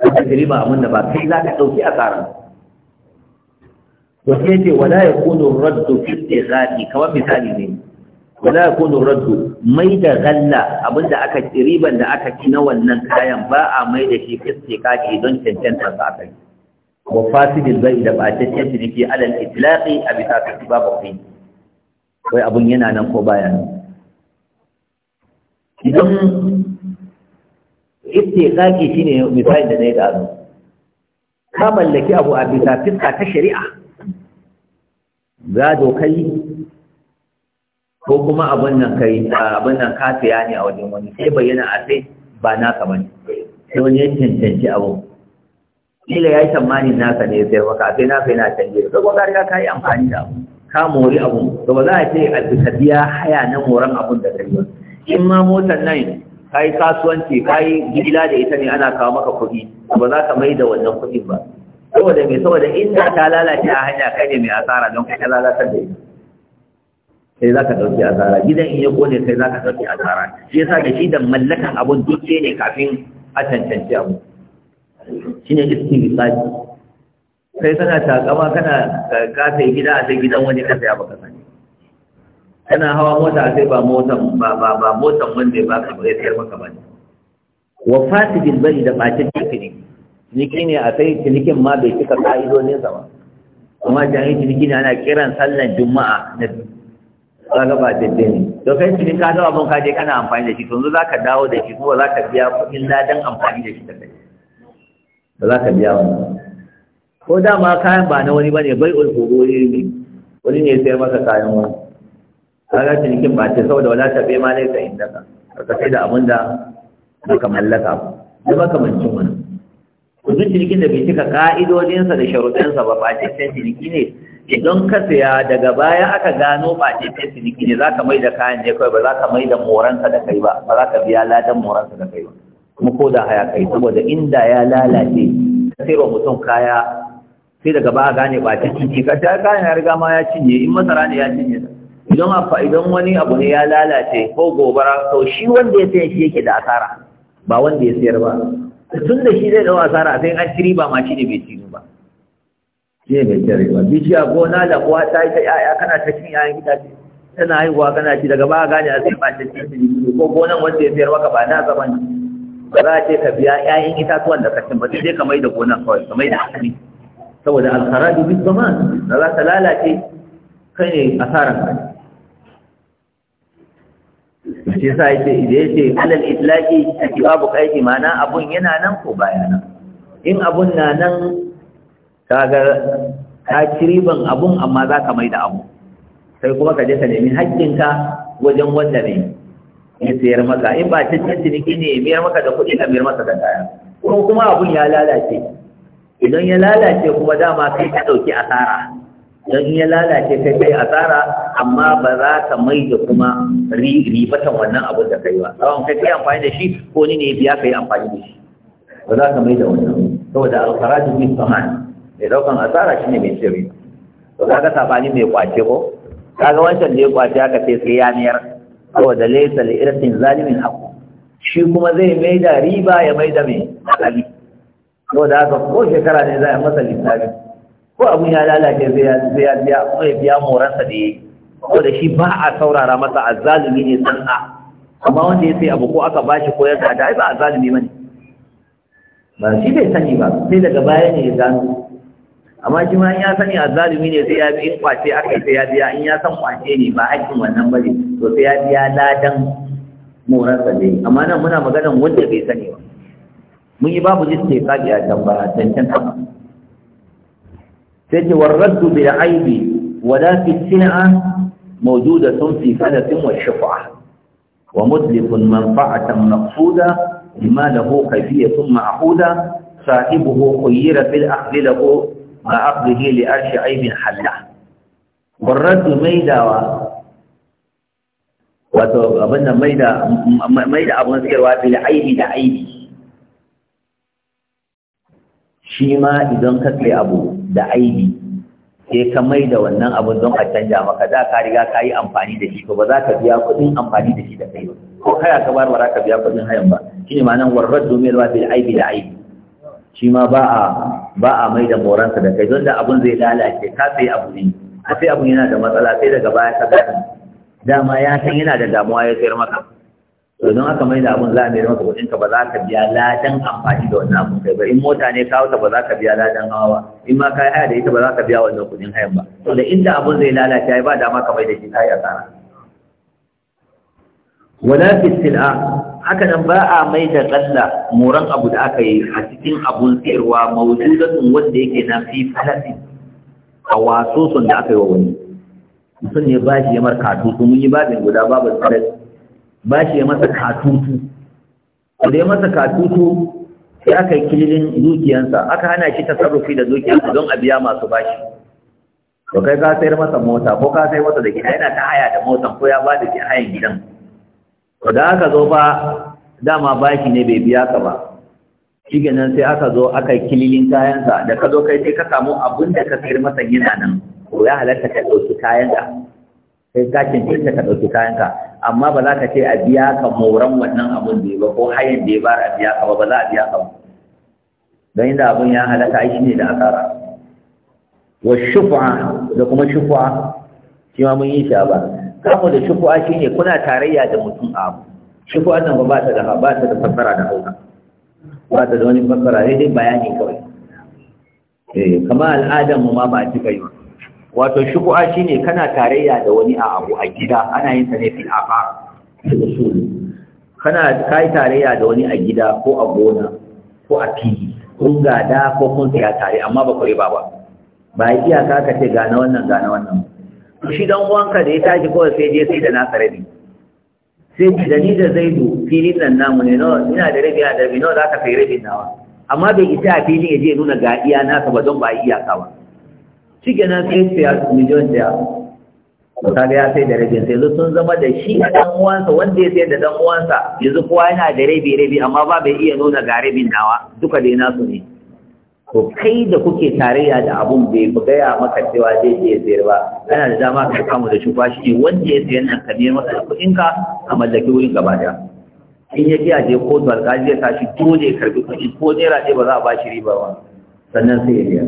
ka ci ba abin da ba kai za ka dauki asara wasu yace wala yakunu raddu fi istighadi kamar misali ne wala kunu raddu mai da galla abinda aka ci riban da aka ci na wannan kayan ba a mai da shi fiske kaji don cancanta ba kai yi wa fasidil bai da ne ke alal itlaqi a bisa ci babu kai wai abun yana nan ko baya ne idan istiqaqi shine misali da na yi ka mallaki abu a bisa fiska ta shari'a gado kai ko kuma abin nan kai abin nan ka tsaya ne a wajen wani sai bayyana a sai ba ka bane sai wani ya cancanci abu kila ya yi tsammanin naka ne sai maka sai kai na canje ka kuma riga ka yi amfani da abu ka mori abu to ba za a ce a bisa biya haya na moran abun da kai ba in ma motar nan ka yi kasuwanci ka yi da ita ne ana kawo maka kuɗi ba za ka mai da wannan kuɗin ba saboda me saboda inda ta lalace a hanya kai ne mai asara don kai ka lalatar da ita sai za ka ɗauki asara gidan in ya kone sai za ka ɗauki asara shi yasa da shi da mallakan abun dukke ne kafin a cancanci abu shi ne istimisali Sai kana takama kana ka gida a sai gidan wani ka saya baka sani kana hawa mota a sai ba motan ba ba ba motan wanda ya ba sayar maka ba ne wa fasidin bari da bacin cikin ciniki ne a sai cinikin ma bai cika ka'idodinsa ba amma jami'in ciniki ne ana kiran sallan juma'a na biyu. kaga ba daidai ne to kai cikin ka dawo abun je kana amfani da shi to yanzu zaka dawo da shi kuma zaka biya kuɗin ladan amfani da shi da kai ba za ka biya ba. ko dama kayan ba na wani bane bai ulfuru ne wani ne sayar masa kayan wani kaga cinikin ba ce saboda wala ta bai ma laisa indaka ka kai da abun da baka mallaka ba. da baka mancin wani kudin cinikin da bai cika ka'idodinsa da sharuɗinsa ba ba ce cinikin ciniki ne idan ka saya daga baya aka gano ba ce ta siniki ne za ka mai da kayan ne kawai ba za ka mai da moranka da kai ba ba za ka biya ladan moranka da kai ba kuma ko da haya kai saboda inda ya lalace ka sai wa mutum kaya sai daga ba a gane ba ta ciniki ka ta kayan ya riga ma ya cinye in masara ne ya cinye idan afa idan wani abu ne ya lalace ko gobara to shi wanda ya sayar shi yake da asara ba wanda ya sayar ba tun da shi zai dau asara sai an ci riba ma shi ne bai ci ba ke da jarewa bishiya gona da kuwa ta yi ta yaya kana ta cin yayan itace tana haihuwa kana ci daga ba gane a sai ba ta cin ko gonan wanda ya biyar waka ba na zaman ba za a ce ka biya yayan itatuwan da kacin ba sai dai ka da gonan kawai ka da asali saboda da bisu ma da za ta lalace kai ne asaran kai shi yasa yake idan yake alal itlaqi babu kai mana abun yana nan ko bayana, nan in abun na nan kaga ka ci riban abun amma za ka mai da abu sai kuma ka je ka nemi haƙƙinka wajen wanda ne ya sayar maka in ba cikin ciniki ne ya miyar maka da kuɗi a miyar maka da kaya ko kuma abun ya lalace idan ya lalace kuma dama kai ka ɗauki asara Idan ya lalace kai kai asara amma ba za ka mai da kuma ribatan wannan abun da kai ba tsawon kai kai amfani da shi ko ni ne biya kai amfani da shi ba za ka mai da wannan saboda alfarajin bin saman mai daukan asara shine mai cin riba to kaga sabani mai kwace ko kaga wancan da ya kwace aka sai sai ya niyar da laysa li irsin zalimin haqqu shi kuma zai mai da riba ya mai da mai alali da haka ko shekara ne zai masa lissafi ko abun ya lalace zai ya biya ko ya biya sa da ko da shi ba a saurara masa azzalimi ne a. amma wanda ya sai abu ko aka bashi ko ya da ai ba azzalimi bane ba shi bai sani ba sai daga baya ne ya gano amma shi ma in ya sani a zalumi ne sai ya bi in kwace aka yi sai ya biya in ya san kwace ne ba hakkin wannan bane to sai ya biya ladan morarsa ne amma nan muna magana wanda bai sani ba mun yi babu jiste kaji a can ba tantan ta sai ce warraddu bil aibi la fi sin'a mawjudatun fi falatin wa shafa'a wa mudlifun manfa'atan maqsuda lima lahu kayfiyatun ma'huda sahibuhu khayyira fil akhdhi lahu ma aqdihi li arshi aibin halla da maidawa wato abin da maida maida abun sayarwa bil aibi da aibi shi ma idan ka kai abu da aibi sai ka mai da wannan abun don a canja maka za ka riga ka yi amfani da shi ko ba za ka biya kuɗin amfani da shi da kai ba ko kaya ka bar ba za ka biya kuɗin hayan ba shi ne ma'anar warrar domiyar wa bil aibi da aibi shi ma ba a mai da moransa da kai don da abun zai lalace ka sai abu ne a sai abun yana da matsala sai daga baya ka gani dama ya san yana da damuwa ya sayar maka to don aka mai da abun za a mai maka kuɗin ka ba za ka biya ladan amfani da wannan abun kai ba in mota ne ka ta ba za ka biya ladan hawa in ma ka haya da ita ba za ka biya wannan kuɗin hayan ba to da inda abun zai lalace ba dama ka mai da shi ta yi asara wala fi sil'a haka nan ba a mai da kalla moran abu da aka yi a cikin abun tsirwa mawujudatun wanda yake na fi falasin a waso sun da aka yi wa wani sun ne bashi ya mar katutu mun yi babin guda babu falas bashi ya masa katutu da ya masa katutu sai aka yi kililin dukiyansa aka hana shi tasarrufi da dukiyansa don a biya masu bashi Ko kai ka sayar masa mota ko ka sayar masa da gida yana ta haya da motan ko ya ba da hayan gidan to da aka zo ba dama baki ne bai biya ka ba shi nan sai aka zo aka yi kililin kayansa da ka zo kai sai ka samu abin da ka sayar masa yana nan ko ya halatta ka ɗauki kayanka sai ka cancanta ka ɗauki kayanka amma ba za ka ce a biya ka moran wannan abin da ya ba ko hayan da ya ba a biya ka ba ba za a biya ka ba don inda abin ya halatta shi ne da asara wa shufa da kuma shufa shi ma mun yi shi a ba samu da shi shine kuna tarayya da mutum a abu shufu'a nan ba ta da ba ta da fassara da hausa ba ta da wani fassara ne dai bayani kawai eh kamar al'adan mu ma ba a kai yi wato shi shine kana tarayya da wani a abu a gida ana yin sa ne fil afa da usul kana kai tarayya da wani a gida ko a gona ko a fili kun gada ko kun tsaya tare amma ba ku riba ba ba iyaka ka ce gane wannan gane wannan ba shi dan ka da ya tashi kawai sai je sai da na rabi sai ji da ni da zaidu filin nan namu ne no ina da rabi da rabi no za ka kai rabin nawa amma bai isa a filin ya je nuna ga iya ka ba don ba iyaka ba shi kenan sai ya miliyon da ga ya sai da rabin sai zo sun zama da shi a dan uwansa wanda ya sai da dan uwansa yanzu kowa yana da rabi rabi amma ba bai iya nuna ga rabin nawa duka dai nasu ne Ko kai da kuke tarayya da abun bai gaya maka cewa zai je ya sayar ba Yana da dama ka kamu da shufa shi wanda ya sayar nan ka ne masa kuɗin ka a mallaki wurin gaba daya in ya kiya je kotu alƙali ya tashi dole ya karbi kuɗi ko naira ce ba za a ba shi riba ba sannan sai ya biya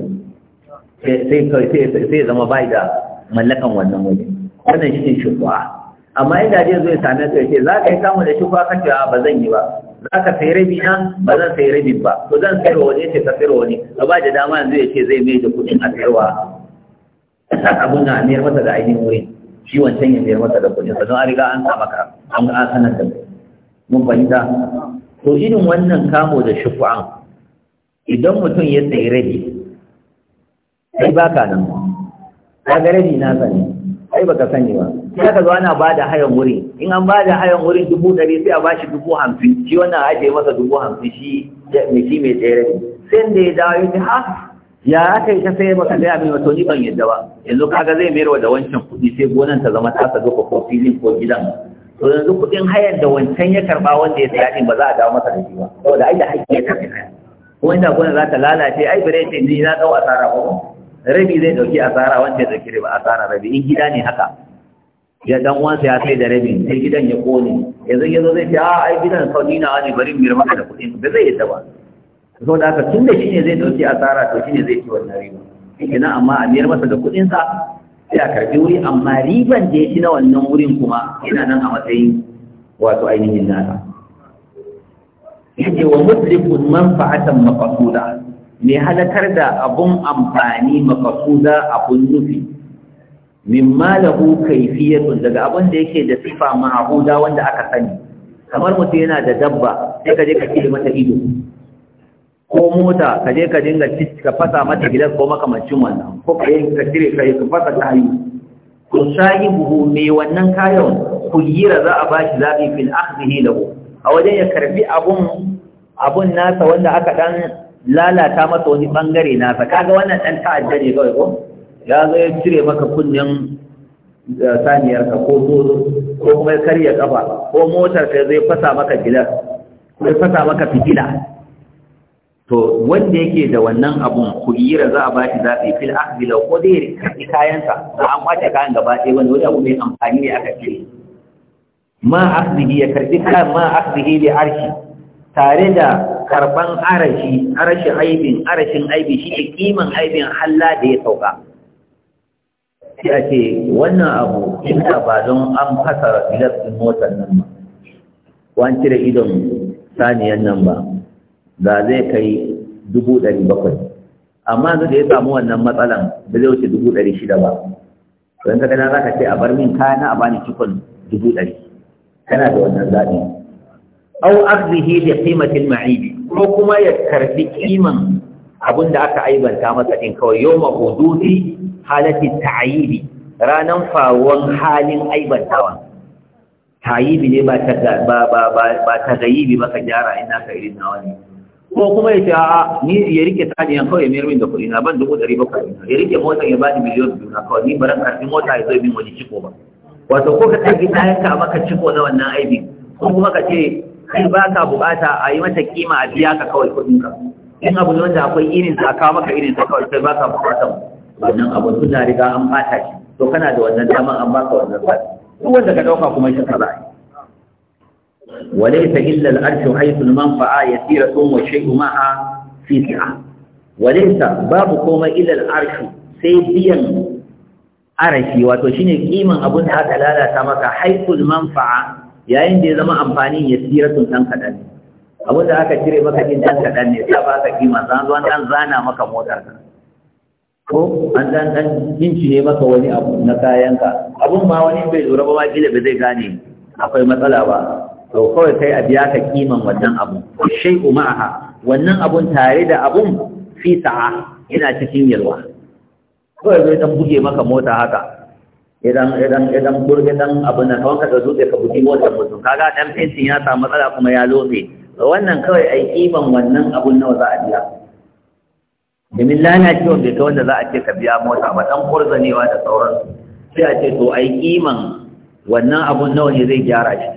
sai sai zama bai da mallakan wannan wuri wannan shi ne shufa amma inda zai zo ya same ka ya ce za ka yi kamu da shufa ka ce ba zan yi ba za ka sayi rabi na ba zan sayi rabi ba to zan sayarwa wani ce ka sayarwa wani a ba da dama yanzu ya ce zai mai da kuɗin a sayarwa abin na mayar masa da ainihin wurin shi wancan ya mayar masa da kuɗin sa don an riga an sa maka an ga sanar da mun fahimta to irin wannan kamo da shufu'an idan mutum ya sayi rabi sai baka nan ka ga rabi na sani ai baka sani ba sai aka zo ana ba da hayan wuri in an ba da hayan wurin dubu ɗari sai a bashi dubu hamsin shi wannan a ajiye masa dubu hamsin shi mai shi mai tsere sai da ya dawo ya ha ya aka yi ta sai maka gaya mai wato ni ban yadda ba yanzu kaga zai mayar da wancan kuɗi sai gonan ta zama tasa duka ko filin ko gidan to yanzu kuɗin hayan da wancan ya karɓa wanda ya saya ba za a dawo masa da shi ba saboda ai da haƙƙi ya karɓi haya kuma inda gonan za ta lalace ai bare ce ni na ɗau asara ko rabi zai ɗauki asara wanda ya ɗauki riba asara rabi in gida ne haka ya dan wansa ya sai da rabi sai gidan ya kone yanzu ya zo zai ce a ai gidan kauni na wani bari mu yarma da kuɗin ba zai yadda ba so da haka tun da shi ne zai dauki asara to shi ne zai ci wannan riba ina amma a biyar masa da kuɗin sa sai a karbi wuri amma riban da ya ci na wannan wurin kuma yana nan a matsayin wato ainihin nata. yake wa mutlifun manfa'atan maqsuda mai halakar da abun amfani maqsuda abun nufi mimma lahu kayfiyatun daga abin da yake da sifa ma'huda wanda aka sani kamar mutum yana da dabba sai ka je ka kile mata ido ko mota ka je ka dinga ka fasa mata gilas ko makamancin wannan ko ka yi ka cire ka ka fasa kayu to buhu me wannan kayan yira za a bashi zabi fil akhdhihi lahu a wajen ya karbi abun abun nasa wanda aka dan lalata masa wani bangare nasa kaga wannan dan ta'adda ne kawai ko ya zo ya cire maka kunnen eh, ka ko zozo ko kuma ya karya kafa ko motar ka zai fasa maka gida ko ya fasa maka fitila to wanda yake da wannan abun kuyira za a bashi zaɓi fil akbila ko dai ya karɓi kayansa da an kwace kayan gaba ɗaya wanda wani abu mai amfani ne aka cire ma akbihi ya karɓi kayan ma akbihi da arshi tare da karban arashi arashin aibin arashin aibi shi ne kiman aibin halla da ya sauka sai a ce wannan abu ina ba don an fasa gilas ɗin motar nan ba wan cire idon saniyan nan ba da zai kai dubu ɗari bakwai amma da ya samu wannan matsalan da zai wuce dubu ɗari shida ba don kaga na za ka ce a bar min kaya na a bani cikon dubu ɗari kana da wannan zaɓi au akzihi da qimatil ma'idi ko kuma ya karfi kiman abin da aka aibanta masa ɗin kawai yau mahudusi halatin ta'ayibi ranar faruwar halin aibantawa ta'ayibi ne ba ta ba maka gyara ina ka irin nawa ne ko kuma ya ce a ni ya rike yan kawai ya mayar min da kuɗi na ban dubu ɗari bakwai ya rike mota ya ba ni miliyon biyu na kawai ni ba ran karfi mota ya zo min wani ciko ba wato ko ka ta yanka maka ciko na wannan aibin ko kuma ka ce kai ba ka buƙata a yi mata kima a biya ka kawai kuɗinka in abu ne wanda akwai irin sa kawo maka irin sa kawai sai baka bukatar wannan abu tun riga an bata shi to kana da wannan dama an baka wannan sa duk wanda ka dauka kuma shi kaza وليس إلا الأرش حيث المنفعة يسيرة والشيء معها في سعة وليس باب كوما إلا الأرش سيديا arashi wato shine kiman abun da aka lalata maka haiful manfa'a yayin da ya zama amfanin ya siratun dan abin da aka cire maka din dan kaɗan ne ta ba ka kima zan zo dan zana maka motar ka ko an dan dan jinci ne maka wani abu na kayanka abun ma wani bai lura ba kila bai zai gane akwai matsala ba to kawai kai a biya ka kiman wannan abu shay'u ma'aha wannan abun tare da abun fi sa'a yana cikin yalwa kawai zai dan buge maka mota haka idan idan idan burgin nan abun nan kawai ka zo ka buge motar mutum kaga dan fentin ya samu matsala kuma ya lotse wannan kawai a yi ƙiban wannan abun nawa za a biya domin lalacewa bai ta wanda za a ce ka biya mota ba ɗan kurzanewa da sauransu sai a ce to a yi ƙiman wannan abun nawa ne zai gyara shi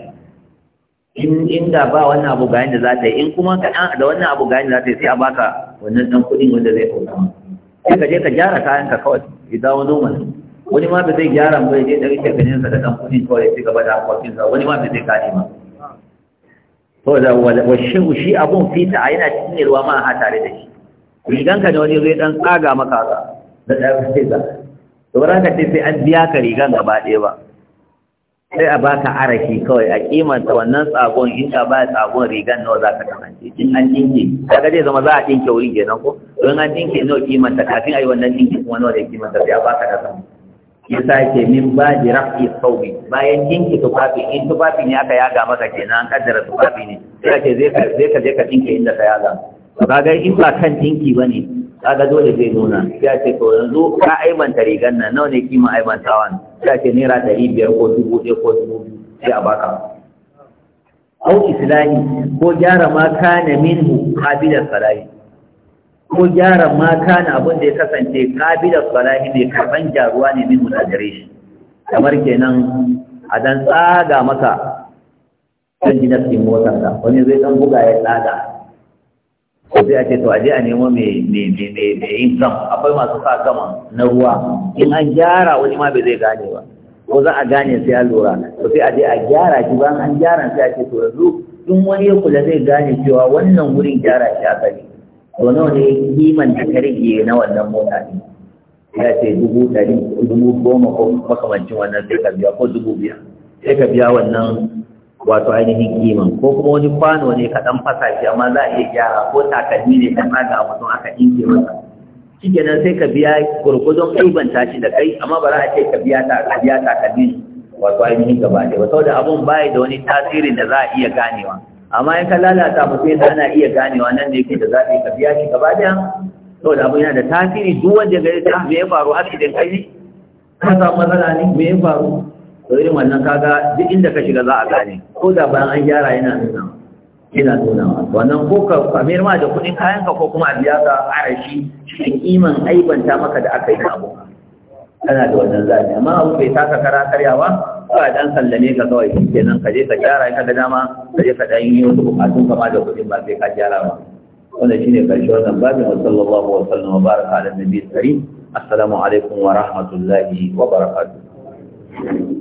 In inda ba wannan abu ga da za ta yi in kuma ɗan da wannan abu ga da za ta yi sai a baka wannan ɗan kuɗin wanda zai kauta sai ka je ka gyara kayan ka kawai ya dawo wani wani ma bai zai gyara ba ya je ɗari shekarunsa da ɗan kuɗin kawai sai gaba da hakokinsa wani ma bai zai gane ba to da washin shi abun fita a yana cikin ruwa ma a tare da shi riganka da wani zai dan tsaga maka ka da ɗan fita to ba ka ce sai an biya ka rigan gaba ɗaya ba sai a baka araki kawai a kimanta wannan tsagon in ka ba tsagon rigan nawa za ka kasance in an dinke daga zai zama za a dinke wurin kenan ko don an dinke nawa kimanta kafin a yi wannan dinke kuma nawa da kimanta sai a baka da samu yasa sake min ba da rafi saubi bayan jinki tufafi in tufafi ne aka yaga maka kenan an kaddara tufafi ne sai ce zai ka je ka jinki inda ka yaga Ba kaga in ba kan jinki ne. bane kaga dole zai nuna sai ce to yanzu ka aibanta rigan nan nawa ne kima aibantawan sai ce naira ɗari biyar ko dubu ɗaya ko dubu biyu sai a baka au islahi ko gyara ma kana minhu qabilan salahi ko gyara ma kana abin da ya kasance kabilar salahi ne karban gyaruwa ne min gare shi kamar kenan a dan tsaga maka kan gina cikin motar ka wani zai dan buga ya tsaga ko sai a ce to a je a nemo mai yin zan akwai masu sa gama na ruwa in an gyara wani ma bai zai gane ba ko za a gane sai a lura to sai a je a gyara shi bayan an gyara sai a ce to yanzu in wani ya kula zai gane cewa wannan wurin gyara shi a gani to nawa ne kiman da ka rage na wannan mota ne ya ce dubu ɗari dubu goma ko makamancin wannan sai ka biya ko dubu biya sai ka biya wannan wato ainihin kiman ko kuma wani kwano ne ka ɗan fasa shi amma za a iya gyara ko takalmi ne ka tsaga a mutum aka ɗinke masa shi kenan sai ka biya gurgudun aibanta shi da kai amma ba za a ce ka biya ta ka biya takalmi wato ainihin gaba ɗaya ba saboda abun bai da wani tasirin da za a iya ganewa amma in ka lalata ba sai ana iya ganewa nan ne yake da zaɓi ka biya shi gaba ɗaya da abin yana da tasiri duk wanda gare ta ah, me ya faru accident kai ne ka samu matsala ne me ya faru to irin wannan kaga duk inda ka shiga za a gane ko da bayan an gyara yana nuna yana nuna wannan ko ka kamar ma da kuɗin kayanka ko kuma a biya ka arashi cikin iman aibanta maka da aka yi abu kana da wannan zaɓi amma abu bai taka kara karyawa ba dan sallame ka kawai shi kenan ka je ka gyara ka ga dama ka je ka dan yi wasu bukatun kama da kuɗin ba sai ka gyara ba wannan shine karshe wannan babin wa sallallahu wa sallam wa baraka ala nabi sari assalamu alaikum wa rahmatullahi wa barakatuh